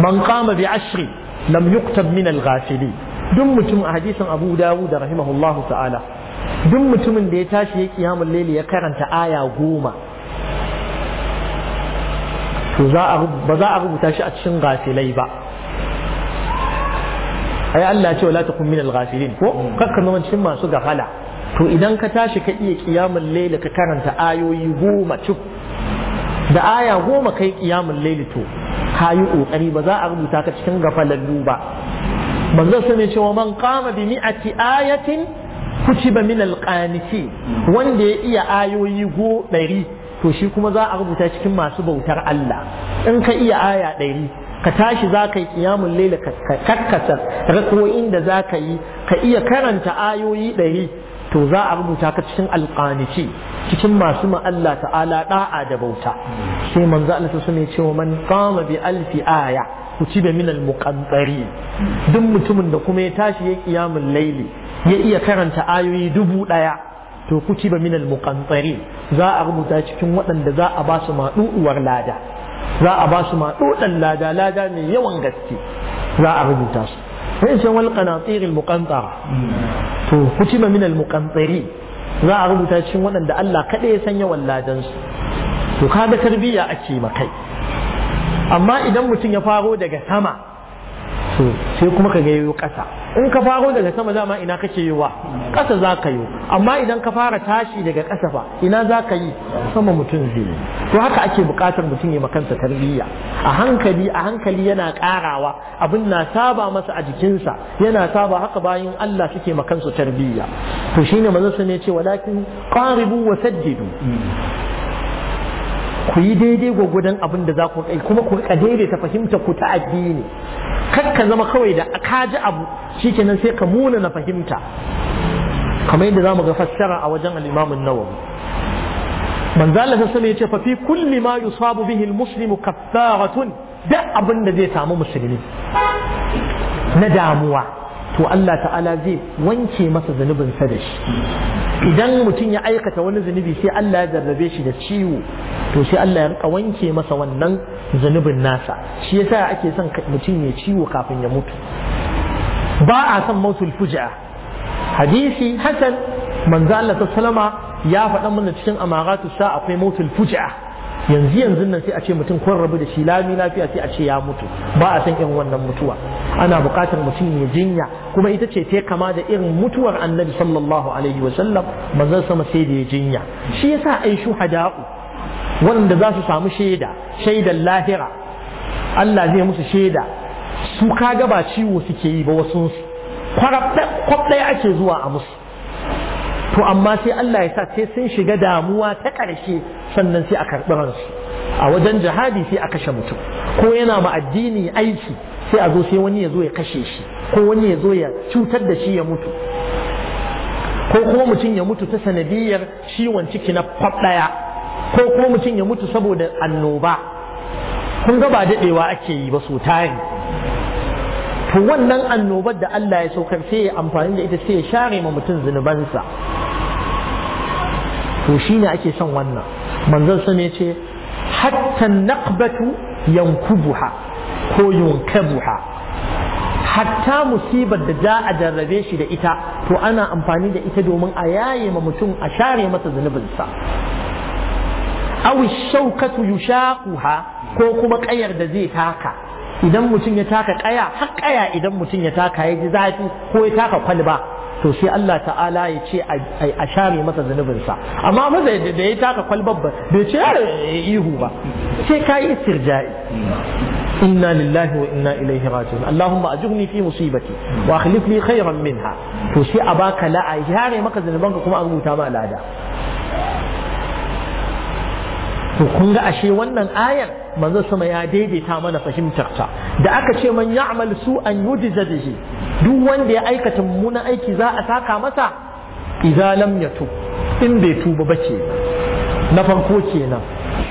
man kama bi ashri lam yuktab min al-ghafili duk mutum a hadisin Abu Dawud rahimahullahu ta'ala duk mutumin da ya tashi ya kiyamul laili ya karanta aya goma to ba za a rubuta shi a cikin gafilai ba ai Allah ce wala takun minal ghafilin ko kakkan zama cikin masu gafala to idan ka tashi ka iya kiyamun laila ka karanta ayoyi goma cik da aya goma kai kiyamun laila to ka yi ƙoƙari ba za a rubuta ka cikin gafalallu ba manzo sai ne cewa man kama bi mi'ati ayatin ba min alqaniti wanda ya iya ayoyi go ɗari to shi kuma za a rubuta cikin masu bautar Allah in ka iya aya ɗari ka tashi za ka yi kiyamun laila ka kakkasa inda da za ka yi ka iya karanta ayoyi ɗari to za a rubuta ka cikin alƙanici cikin masu ma'alla ta'ala ɗa'a da bauta sai manzo Allah sun ne cewa man qama bi alfi aya kutiba min al-muqantari duk mutumin da kuma ya tashi ya kiyamul layli, ya iya karanta ayoyi dubu ɗaya, to kutiba min al-muqantari za a rubuta cikin waɗanda za a ba su maɗuɗuwar lada za a ba su maɗuɗan lada lada mai yawan gaske za a rubuta su sai shan wal qanatir al muqantara to kutima min al muqantari za a rubuta cikin waɗanda Allah kaɗai ya sanya walladan su to kaga tarbiyya ake makai amma idan mutum ya faro daga sama to sai kuma ka ga yayo ƙasa in ka faro daga sama dama ina kake yiwa ƙasa za ka yi amma idan ka fara tashi daga ƙasa fa ina za ka yi sama mutum zai to haka ake buƙatar mutum ya makanta tarbiyya a hankali a hankali yana ƙarawa abin na saba masa a jikinsa yana saba haka bayan Allah suke makansu tarbiyya to shine manzon ne ce walakin qaribu wa saddidu ku yi daidai gwagwadon abin da za ku kai kuma ku rika daidaita fahimta ku ta addini kar ka zama kawai da ka ji abu shikenan sai ka muna na fahimta kamar yadda zamu ga fassara a wajen al nawa. an-Nawawi manzo Allah sallallahu alaihi fa fi kulli ma yusabu bihi al kaffaratun da abin da zai samu musulmi na damuwa to Allah ta'ala zai wanke masa zunubinsa da shi idan mutum ya aikata wani zunubi sai Allah ya jarrabe shi da ciwo to sai Allah ya rika wanke masa wannan zunubin nasa shi yasa ake son mutum ya ciwo kafin ya mutu ba a son mautul fuja hadisi hasan manzo Allah ya faɗa mana cikin amaratu sa akwai mautul fuja yanzu yanzu nan sai a ce mutum kun rabu da shi lami lafiya sai a ce ya mutu ba a san irin wannan mutuwa ana buƙatar mutum ya jinya kuma ita ce ta kama da irin mutuwar annabi sallallahu alaihi wa sallam manzon sama sai da ya jinya shi yasa ai shuhada'u wanda za su samu shaida shaidan lahira Allah zai musu shaida su kaga ba ciwo suke yi ba wasu kwarab ɗaya ake zuwa a musu to amma sai Allah ya sa sai sun shiga damuwa ta ƙarshe sannan sai a karɓi ransu a wajen jihadi sai a kashe mutum ko yana ma addini aiki sai a zo sai wani ya zo ya kashe shi ko wani ya zo ya cutar da shi ya mutu ko kuma mutum ya mutu ta sanadiyar ciwon ciki na kwab ɗaya ko kuma mutum ya mutu saboda annoba kun ga ba daɗewa ake yi ba so tari to wannan annobar da Allah ya saukar sai ya amfani da ita sai ya share ma mutum zunubansa to shine ake son wannan manzon sa ne ce hatta naqbatu yankubuha ko yunkabuha hatta musibar da za a jarrabe shi da ita to ana amfani da ita domin a yaye ma mutum a share masa zunubinsa aw shaukatu yushaquha ko kuma kayar da zai taka idan mutum ya taka kaya har kaya idan mutum ya taka ya ji zafi ko ya taka kwalba to sai Allah ta'ala ya ce a share masa zunubinsa amma maza da ya taka kwalbar ba bai ce ihu ba sai ka yi istirja'i inna lillahi wa inna ilaihi raji'un allahumma ajurni fi musibati wa akhlif li khayran minha to sai a baka la'a share maka zunubanka kuma a rubuta ma lada to kun ga ashe wannan ayar manzo sama ya daidaita mana fahimtarta da aka ce man ya'mal an yujza bihi duk wanda ya aikata mummunan aiki za a saka masa idza lam yatub in bai tuba ba na farko kenan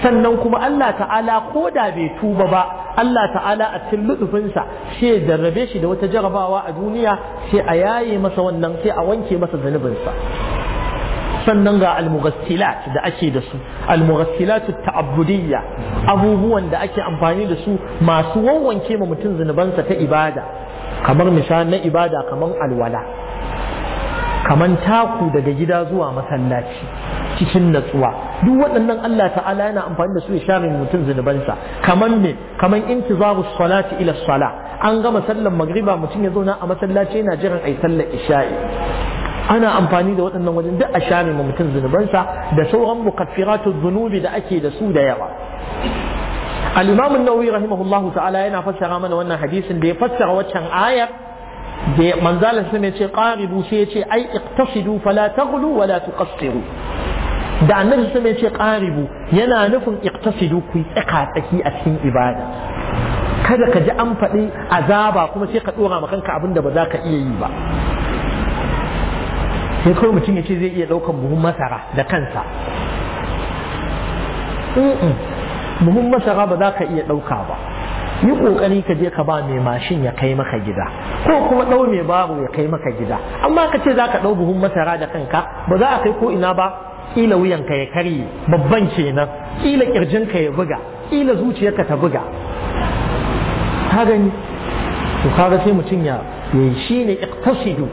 sannan kuma Allah ta'ala ko da bai tuba ba Allah ta'ala a cikin lutufinsa sai jarrabe shi da wata jarabawa a duniya sai a yaye masa wannan sai a wanke masa zunubinsa. sannan ga almughassilat da ake da su almughassilat ta'abbudiyya abubuwan da ake amfani da su masu wawwanke ma mutum zunubansa ta ibada kamar misali na ibada kamar alwala kamar taku daga gida zuwa masallaci cikin natsuwa duk waɗannan Allah ta'ala yana amfani da su ya share mutum zunubansa kamar ne kamar intizaru salati ila sala an gama sallar magriba mutum ya zauna a masallaci yana jiran ai sallar isha'i ana amfani da waɗannan wajen duk a share ma mutum zunubansa da sauran mukaffiratu zunubi da ake da su da yawa al-imam an-nawawi rahimahullahu ta'ala yana fassara mana wannan hadisin da ya fassara waccan ayar da manzalar sun ce qaribu sai ya ce ai iqtasidu fala taghlu wala tuqassiru da annabi sa ya ce qaribu yana nufin iqtasidu ku tsaka tsaki a cikin ibada kada ka ji an faɗi azaba kuma sai ka ɗora ma kanka abin da ba za ka iya yi ba sai kawai mutum ya ce zai iya ɗaukar buhun masara da kansa buhun masara ba za ka iya ɗauka ba yi ƙoƙari ka je ka ba mai mashin ya kai maka gida ko kuma ɗau mai babu ya kai maka gida amma ka ce za ka ɗau buhun masara da kanka ba za a kai ko ina ba ƙila wuyanka ya karye babban kenan ƙila ƙirjinka ya buga ƙila zuciyarka ta buga ka gani to kaga sai mutum ya yi shine iqtasidu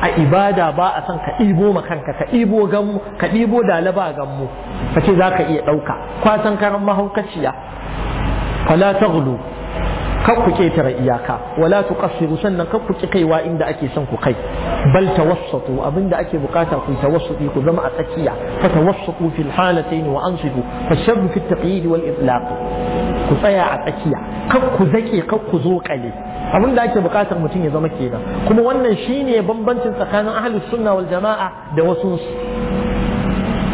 a ibada ba a son ka ɗibo ma kanka ka ɗibo gammu ka ɗibo dalaba gammu ka ce za ka iya ɗauka kwasan karan mahaukaciya fala taghlu kar ku ketare iyaka wala tuqassiru sannan kar ku kaiwa inda ake son ku kai bal tawassatu abinda ake bukata ku ku zama a tsakiya fa tawassatu fil halatayn wa ansifu fashabbu fit taqyid wal iflaq ku tsaya a tsakiya kar ku zake kar ku zo kale abin da ake bukatar mutum ya zama kenan kuma wannan shine bambancin tsakanin ahlus sunna wal jama'a da wasu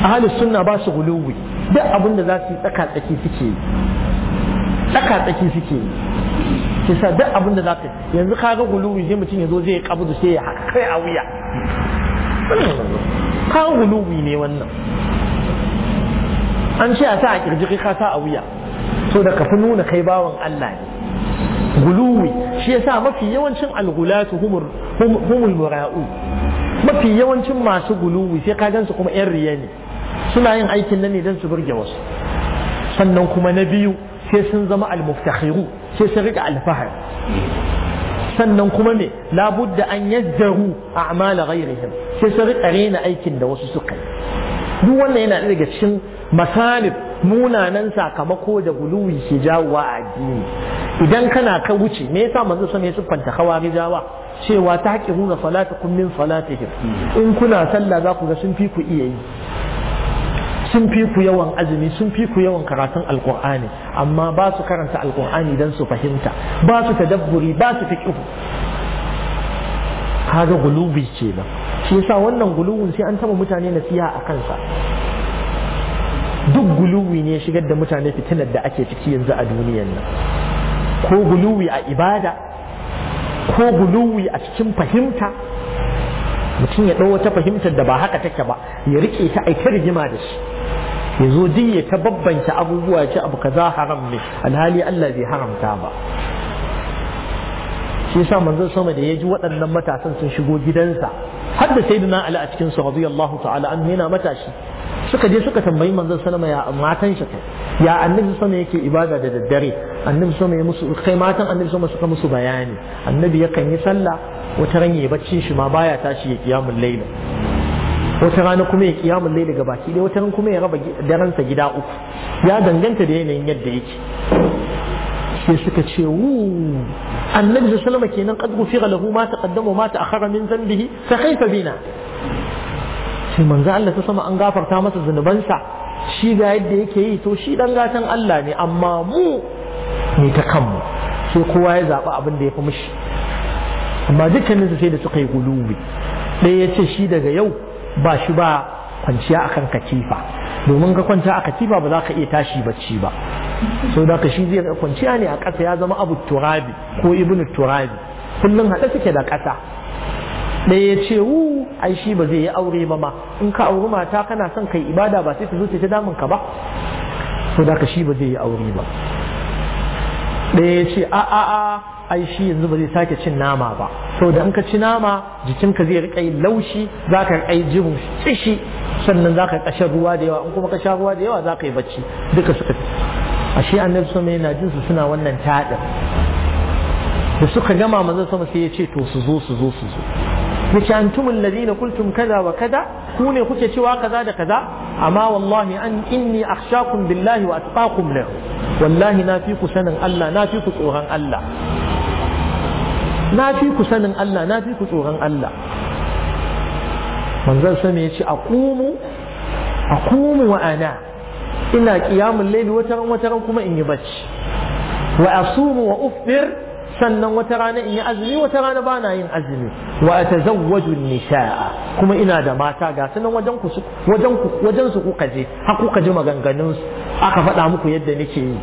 ahlus sunna ba su gulubi, duk abin da za su yi tsaka tsaki suke tsaka tsaki suke kisa duk abin da za ka yanzu ka ga guluwi sai mutum ya zo zai kabudu sai ya haka kai a wuya ka gulubi ne wannan an ce a sa a kirji kai ka sa a wuya so da ka fi nuna kai bawan Allah ne guluwi shi yasa mafi yawancin algulatu humur humul mura'u mafi yawancin masu guluwi sai ka gansu kuma yan riya ne suna yin aikin nan ne dan su burge wasu sannan kuma na biyu sai sun zama almuftakhiru sai sun rika alfahar sannan kuma me labudda an yajjaru a'mala ghairihim sai sun rika rena aikin da wasu suka yi duk wannan yana daga cikin masalib munanan sakamako da guluwi ke jawowa a addini idan kana ka wuce me yasa manzo sun hawa siffanta jawa cewa ta haƙiruna kun min salatihim in kuna sallah za ku ga sun fi ku iya yi sun fi ku yawan azumi sun fi ku yawan karatun alkur'ani amma ba su karanta alkur'ani dan su fahimta ba su tadabburi ba su fiqhu kaga ce kenan shi yasa wannan gulubin sai an taba mutane nasiha a kansa duk guluwi ne shigar da mutane fitinar da ake ciki yanzu a duniyan nan ko guluwi a ibada ko guluwi a cikin fahimta mutum ya ɗau wata fahimtar da ba haka take ba ya riƙe ta aita rigima da shi ya zo duk ya ta babbanta abubuwa ya ce abu kaza haram ne alhali Allah bai haramta ba shi yasa manzon sama da ya ji waɗannan matasan sun shigo gidansa hadda sayyidina ali a cikin su radiyallahu ta'ala an yana matashi suka je suka tambayi manzon sallama ya matan shi ya annabi sallama yake ibada da daddare annabi sallama ya musu kai matan annabi sallama suka musu bayani annabi yakan yi sallah wata ran ya bacci shi ma baya tashi ya kiyamul layl wata rana kuma ya kiyamul layl ga baki dai wata ran kuma ya raba daransa gida uku ya danganta da yanayin yadda yake sai suka ce wu annabi salama kenan qad ghufira lahu ma taqaddama ma ta'akhkhara min dhanbihi fa kaifa bina sai manzo Allah ta sama an gafarta masa zunubansa shi ga yadda yake yi to shi dan gatan Allah ne amma mu ne ta kanmu sai kowa ya zaba abin da ya fi mishi amma dukkaninsu sai da suka yi gulubi ɗaya ya ce shi daga yau ba shi ba kwanciya akan katifa domin ka kwanta a katifa ba za ka iya tashi bacci ba so da ka shi zai kwanciya ne a ƙasa ya zama abu turabi ko ibnu turabi kullum haɗe suke da ƙasa ɗaya ya ce wu ai shi ba zai yi aure ba ma in ka auri mata kana son kai ibada ba sai ta zo ta damun ka ba so da ka shi ba zai yi aure ba ɗaya ya ce a a a ai shi yanzu ba zai sake cin nama ba so da in ka ci nama jikinka zai riƙa yin laushi za ka riƙa jin tsishi sannan za ka kashe ruwa da yawa in kuma ka sha ruwa da yawa za ka yi bacci duka suka ashe annabi sama yana jin su suna wannan taɗin da suka gama maza sama sai ya ce to su zo su zo su zo yace antumul ladina qultum kaza wa kaza ku ne kuke cewa kaza da kaza amma wallahi an inni akhshakum billahi wa atqakum lahu wallahi na fi ku sanin Allah na fi ku tsoron Allah na fi ku sanin Allah na fi ku tsoron Allah manzon sama ya ce A kumu wa ana ina qiyamul layli wata ran wata ran kuma in yi bacci wa asumu wa ufdir sannan wata rana in yi azumi wata rana ba na yin azumi wa atazawwaju nisaa kuma ina da mata ga sanan wajen ku wajen ku wajen su kuka je har kuka je maganganun su aka faɗa muku yadda nake yi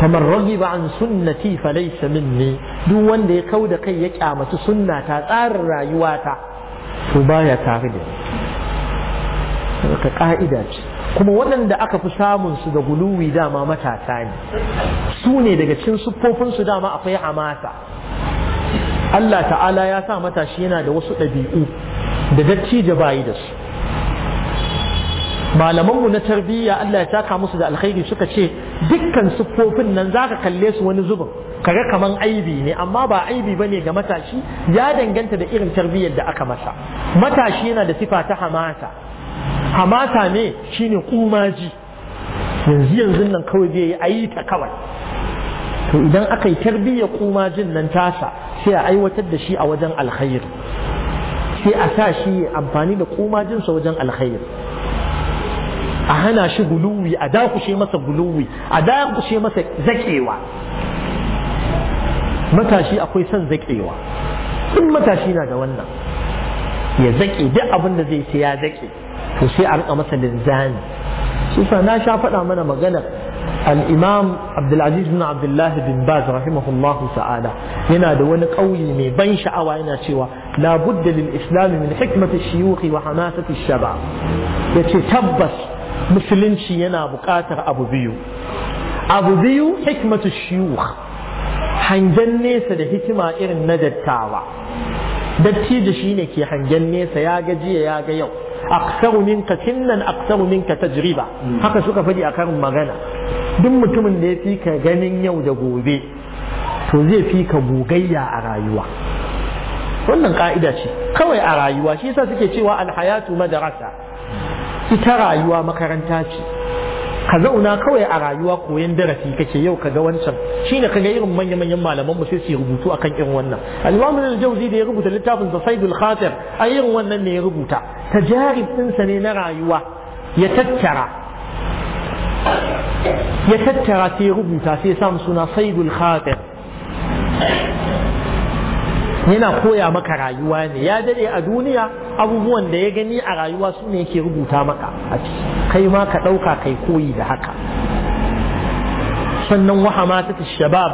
kamar ba an sunnati falaysa minni duk wanda ya da kai ya kyamata sunna ta tsarin rayuwata to baya tare da ka ka'ida ce kuma waɗanda aka fi samun su da guluwi dama matata ne su ne daga cikin siffofin su dama akwai amata. Allah ta'ala ya sa matashi yana da wasu ɗabi'u da da bayi da su malamanmu na tarbiyya Allah ya taka musu da alkhairi suka ce dukkan siffofin nan zaka kalle su wani zubin kaga kaman aibi ne amma ba aibi ne ga matashi ya danganta da irin tarbiyyar da aka masa matashi yana da sifa ta hamasa hamasa ne shine kumaji yanzu yanzu nan kawai zai yi ayi ta kawai to idan aka yi tarbiyyar kumajin nan tasa sai a aiwatar da shi a wajen alkhair sai a sa shi amfani da kumajinsa wajen alkhair a hana shi guluwi a dakushe masa guluwi a dakushe masa zakewa matashi akwai son zaƙewa in matashi na da wannan ya zaƙe duk abin da zai ce ya zaƙe to sai a rika masa linzani susa na sha faɗa mana maganar al'imam abdulaziz bin abdullahi bin baz rahimahullahu ta'ala yana da wani ƙauye mai ban sha'awa yana cewa la budda lil islam min hikmati shiyuhi wa hamasati shaba yace tabbas musulunci yana buƙatar abu biyu abu biyu hikmatu shiyuhi hangen nesa da hikima irin na dattawa dattijo shine ke hangen nesa ya ga jiya ya ga yau aksaru minka kinnan aksaru minka tajriba haka suka faɗi a karin magana duk mutumin da ya fi ka ganin yau da gobe to zai fi ka gogayya a rayuwa wannan ka'ida ce kawai a rayuwa shi yasa suke cewa alhayatu madarasa ita rayuwa makaranta ce ka zauna kawai a rayuwa koyon darasi kake yau kaga wancan shine kaga irin manya-manyan malaman mu sai su rubutu akan irin wannan al-Imam al-Jawzi da ya rubuta littafin Zasaidul Khatir a irin wannan ne ya rubuta tajarib ɗinsa ne na rayuwa ya tattara ya tattara sai rubuta sai samu suna Saidul Khatir yana koya maka rayuwa ne ya dade a duniya abubuwan da ya gani a rayuwa su ne yake rubuta maka a ciki kai ma ka ɗauka kai koyi da haka sannan wahama ta shabab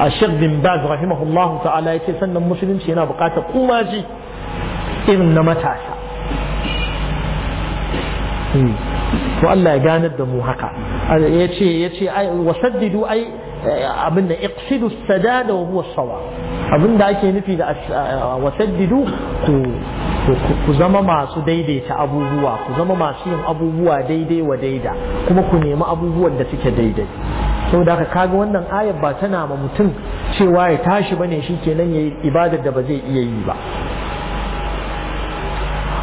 a shek bin baz rahimahullah ta'ala ya ce sannan musulunci yana bukatar kumaji irin na matasa to hmm. Allah ya ganar da mu haka ya ce ya ce wasaddidu ai abinda iqsidu sadada wa huwa sawa abinda ake nufi da wasaddidu to ku zama masu daidaita abubuwa ku zama masu yin abubuwa daidai wa daida kuma ku nemi abubuwan da suke daidai saboda haka kaga wannan ayar ba tana ma mutum cewa ya tashi bane shikenan yayi ibadar da ba zai iya yi ba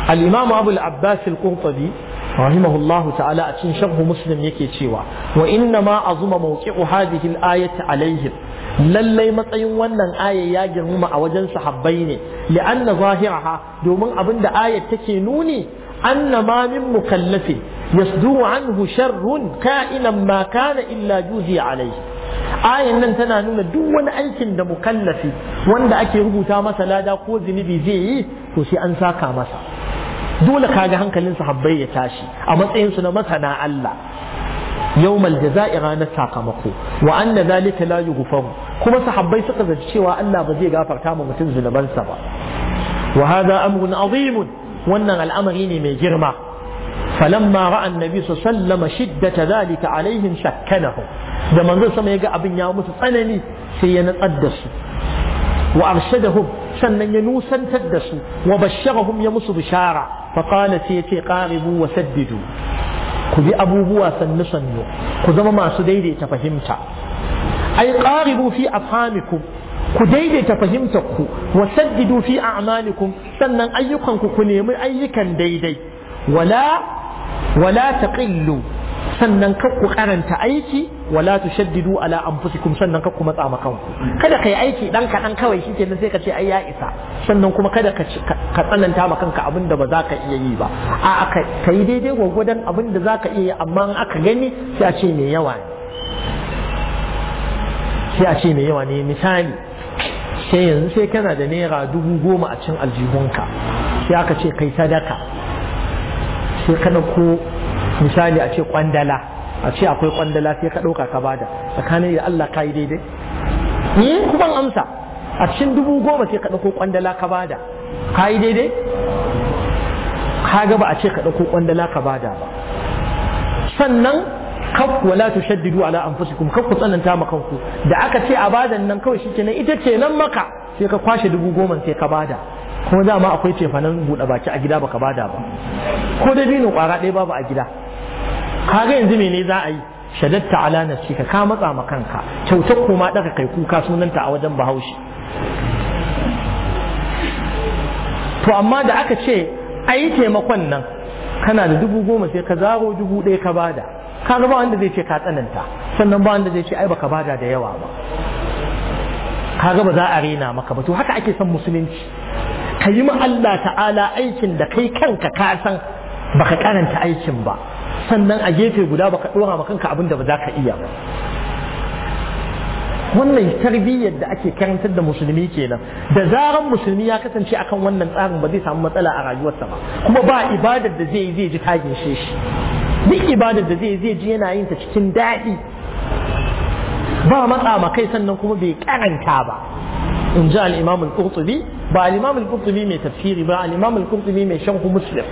al-imam abu al-abbas al-qurtubi rahimahullahu ta'ala a cikin sharh muslim yake cewa wa inna ma azuma mawqi'u hadhihi al-ayati alaihim lallai matsayin wannan ayar ya girmama a wajen sahabbai ne li'anna zahiraha domin abin da ayar take nuni anna ma min mukallafin yasduru anhu sharrun ka'inan ma kana illa juzi alaihi ayan nan tana nuna duk wani aikin da mukallafi wanda ake rubuta masa lada ko zunubi zai yi to sai an saka masa dole kaga hankalin sahabbai ya tashi a matsayin su na masana Allah يوم الجزاء غانا ساقمكو وأن ذلك لا يغفر كما صحبي سقز الشيوى أن لا غافر كاما متنزل بل سبا وهذا أمر عظيم وأن الأمر إني مي جرما فلما رأى النبي صلى الله عليه وسلم شدة ذلك عليهم شكنهم لما نزل سما يقع أبن ياموس سنني سينا القدس وأرشدهم سنن ينوسا تدسوا وبشرهم يمس بشارة فقال سيتي قاربوا وسددوا ku bi abubuwa sannu sannu ku zama masu daidaita fahimta ai qaribu fi afhamikum ku daidaita fahimtar ku wa saddidu fi a'malikum sannan ayyukan ku ku nemi ayyukan daidai wala wala taqillu sannan kar ku karanta aiki wala tushaddidu ala anfusikum sannan ku matsa ma kanku kada kai aiki dan ka dan kawai shike sai ka ce ai ya isa sannan kuma kada ka ka tsananta ma kanka abinda ba za ka iya yi ba a aka kai daidai gwagwadon abinda za ka iya yi amma in aka gani sai a ce me yawa ne sai a ce me yawa ne misali sai yanzu sai kana da naira dubu goma a cin aljihunka sai aka ce kai sadaka sai ka ko misali a ce kwandala a ce akwai kwandala sai ka ɗauka ka bada tsakanin da Allah ka yi daidai ni kuma amsa a cikin dubu goma sai ka ɗauko kwandala ka bada ka yi daidai ka ga ba a ce ka ɗauko kwandala ka bada ba sannan kaf wala tushaddidu ala anfusikum kaf ku tsananta ma kanku da aka ce a bada nan kawai shikenan ita ce nan maka sai ka kwashe dubu goma sai ka bada kuma dama akwai cefanen buɗe baki a gida baka bada ba ko da dinin kwara ɗaya babu a gida kaga yanzu ne za a yi shadatta ala nafsika ka matsa ma kanka kyautar kuma daga kai kuka sunanta a wajen bahaushe to amma da aka ce a yi taimakon nan kana da dubu goma sai ka zaro dubu ɗaya ka bada ka ga ba wanda zai ce ka tsananta sannan ba wanda zai ce ai baka bada da yawa ba ka ga ba za a rena maka ba to haka ake son musulunci ka yi ma Allah ta'ala aikin da kai kanka ka san baka karanta aikin ba sannan a gefe guda baka dora ma kanka abin da ba za ka iya ba wannan tarbiyyar da ake karantar da musulmi kenan da zaran musulmi ya kasance akan wannan tsarin ba zai samu matsala a rayuwarsa ba kuma ba ibadar da zai zai ji ta ginshe shi duk ibadar da zai zai ji yana yin ta cikin daɗi ba matsa ma kai sannan kuma bai karanta ba in ji al al-qurtubi ba al-imam al-qurtubi mai tafsiri ba al-imam al-qurtubi mai shanku muslim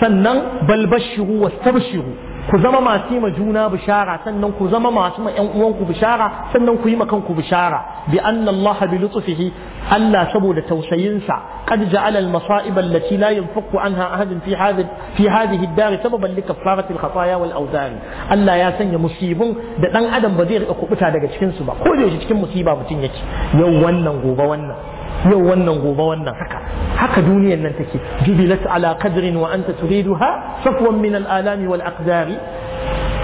sannan bal bashiru shiru ku zama masu yi juna bishara sannan ku zama masu ma ƴan uwanku bishara sannan ku yi ma kanku bishara bi anna Allah bi lutfihi Allah saboda tausayinsa qad ja'ala al masa'ib allati la yanfaqu anha ahadin fi hadhihi fi hadhihi ad-dar sababan li kaffarati al khataya wal awdan Allah ya sanya musibun da dan adam ba zai rika kubuta daga cikin su ba ko da cikin musiba mutun yake yau wannan gobe wannan yau wannan gobe wannan haka haka duniyar nan take jubilat ala qadrin wa anta turiduha safwan min al-alami wal aqdari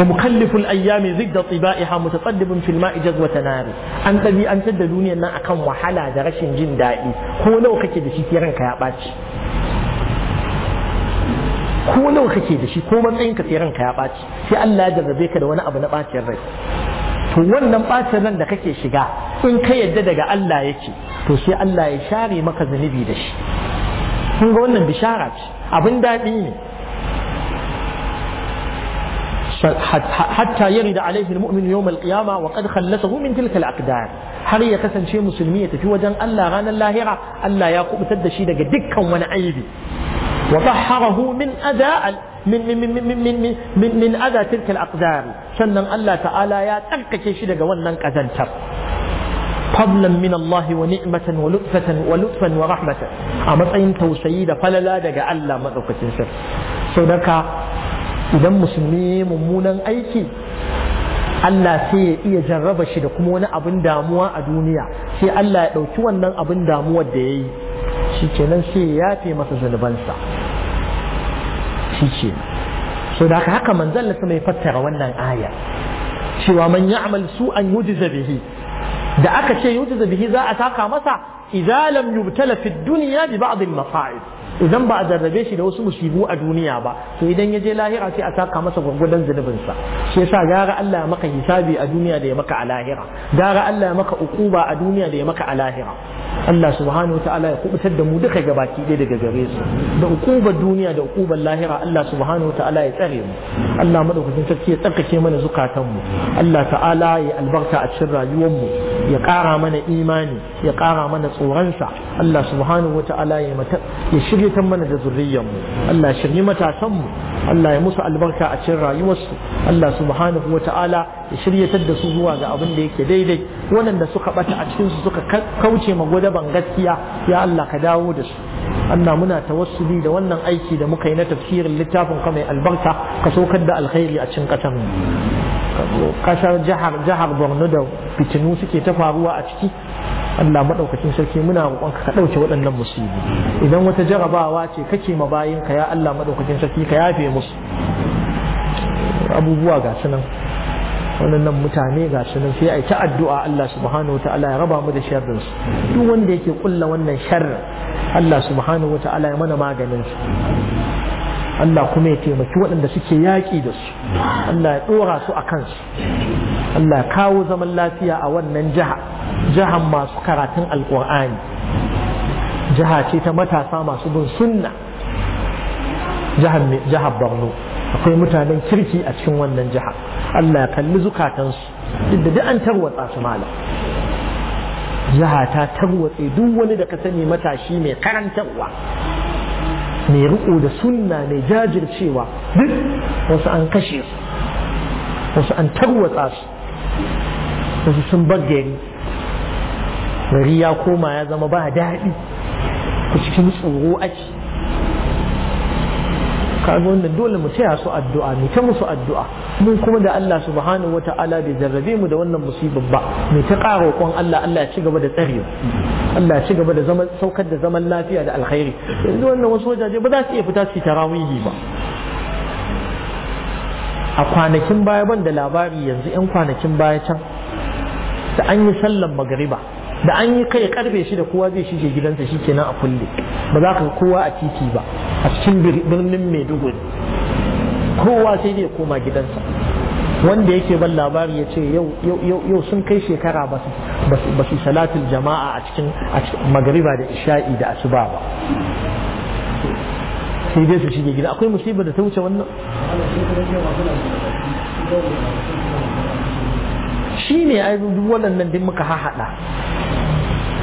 ومكلف الايام ضد طبائها متصدب في الماء جذوة نار ان تبي ان تد دنيا نا اكن وحلا da rashin jin dadi ko nawa kake da shi sai ya baci ko nawa kake da shi ko matsayin ka sai ya baci sai Allah ya jarrabe ka da wani abu na bacin rai to wannan bacin ran da kake shiga in ka yadda daga Allah yake to shi Allah ya share maka zunubi da shi kun ga wannan bishara ce abin daɗi ne hatta yari da alaihi almu'min yawm alqiyama wa qad khallasahu min tilka alaqdar har ya kasance musulmi ya tafi wajen Allah ranar lahira Allah ya kubutar da shi daga dukkan wani aibi wa tahharahu min ada min min min min min min min ada tilka alaqdar sannan Allah ta'ala ya tsarkake shi daga wannan kazantar fadlan min Allah wa ni'matan wa lutfatan wa rahmatan a matsayin tausayi da falala daga Allah madaukakin sarki idan musulmi mummunan aiki Allah sai ya iya jarraba shi da kuma wani abin damuwa a duniya sai Allah ya ɗauki wannan abin damuwar da ya yi shi kenan sai ya yafe masa zunubansa shi ce so da haka manzon Allah mai fattara wannan aya cewa man ya'mal su'an yujza bihi da aka ce yuta bihi za a taka masa idza lam yubtala fi dunya bi ba'd al masa'ib idan ba a jarrabe shi da wasu musibu a duniya ba to idan ya je lahira sai a saka masa gwagwadon zunubinsa shi yasa gara Allah ya maka hisabi a duniya da ya maka a lahira gara Allah ya maka ukuba a duniya da ya maka a lahira Allah subhanahu ta'ala ya kubutar da mu duka gabaki ɗaya daga gare su da ukubar duniya da ukubar lahira Allah subhanahu ta'ala ya tsare mu Allah madaukakin sarki ya tsarkake mana zukatan mu Allah ta'ala ya albarka a cikin rayuwar mu ya ƙara mana imani ya ƙara mana tsoronsa Allah subhanahu ta'ala ya shirya shirye mana da zurriyanmu mu Allah shirye matasanmu Allah ya musu albarka a cikin rayuwarsu Allah subhanahu ta'ala ya shiryatar da su zuwa ga abin da yake daidai waɗanda suka bata a cikin su suka kauce ma ban gaskiya ya Allah ka dawo da su Allah muna tawassuli da wannan aiki da muka yi na tafsirin littafin ka mai albarka ka saukar da alkhairi a cikin ƙasar mu kasar jihar jihar Borno da fitinu suke ta faruwa a ciki Allah madaukakin sarki muna roƙonka ka ɗauke waɗannan musibi idan wata jarabawa ce kake ma ka ya Allah madaukakin sarki ka yafe musu abubuwa ga su nan waɗannan mutane ga su nan sai a ta addu'a Allah subhanahu wataala ya raba mu da sharrin su duk wanda yake kulla wannan sharrin Allah subhanahu wataala ya mana maganin su Allah kuma ya taimaki waɗanda suke yaƙi da su Allah ya ɗora su a kansu Allah ya kawo zaman lafiya a wannan jiha jihan masu karatun alƙur'ani jiha ce ta matasa masu bin sunna jihar Borno akwai mutanen kirki a cikin wannan jiha Allah ya kalli zukatansu duk da duk an tarwatsa su malam jiha ta tarwatse duk wani da ka sani matashi mai karantarwa mai riko da sunna mai jajircewa duk wasu an kashe su wasu an tarwatsa su wasu sun bar gari gari ya koma ya zama ba daɗi cikin tsoro ake kaga wannan dole mu taya su addu'a mu ta musu addu'a mun kuma da Allah subhanahu wata'ala bai jarrabe mu da wannan musibar ba mu ta ƙara roƙon Allah Allah ya ci gaba da tsare Allah ya ci gaba da zaman saukar da zaman lafiya da alkhairi yanzu wannan wasu wajaje ba za su iya fita su tarawihi ba a kwanakin baya ban da labari yanzu yan kwanakin baya can da an yi sallan magariba da an yi kai karfe shi da kowa zai shige gidansa shikenan a kulle ba za ka kowa a titi ba a cikin birnin maiduguri kowa sai ya koma gidansa wanda yake ban labari ya ce yau sun kai shekara ba su salatin jama'a a cikin magariba da isha'i da asuba ba sai dai su shige gida akwai musibar da ta wuce wannan shi ne duk waɗannan din muka hahaɗa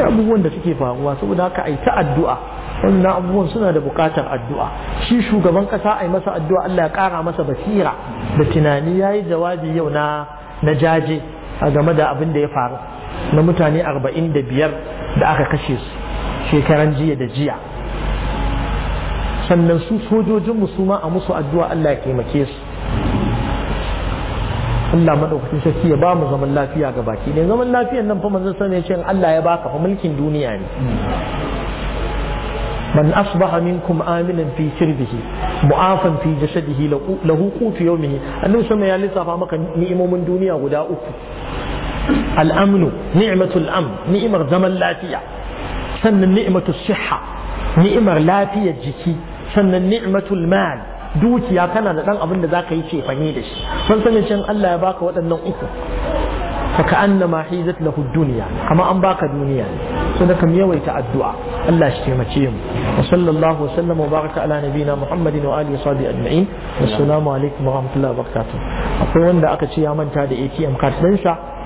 abubuwan da suke faruwa saboda haka ai ta addu'a wannan abubuwan suna da bukatar addu'a shi shugaban kasa a yi masa addu'a Allah ya kara masa basira da tunani ya yi jawabi yau na na jaje a game da abin da ya faru na mutane arba'in da aka kashe su shekaran jiya da jiya sannan su sojojin musulma a musu addu'a Allah ya taimake su Allah maɗaukacin sarki ya ba mu zaman lafiya ga baki ne zaman lafiyan nan fa manzon sallallahu alaihi wasallam Allah ya baka fa mulkin duniya ne من أصبح منكم آمنا في سربه معافا في جسده له قوت يومه أنه سمع الله فامك نئم من دنيا ولا الأمن نعمة الأمن نئم زمن اللاتية سن نعمة الصحة نئم لاتية جكي سن نعمة المال دوتي يا da dan abin da zaka yi cefane da الله يباك sanin cin faka annama hizat lahu dunya kama an baka duniya so da kam yawaita addu'a Allah shi taimake mu wa sallallahu wa wa baraka ala nabina muhammadin wa alihi wa ajma'in assalamu alaikum wa rahmatullahi wa barakatuh akwai wanda aka ce ya manta da ATM card sha.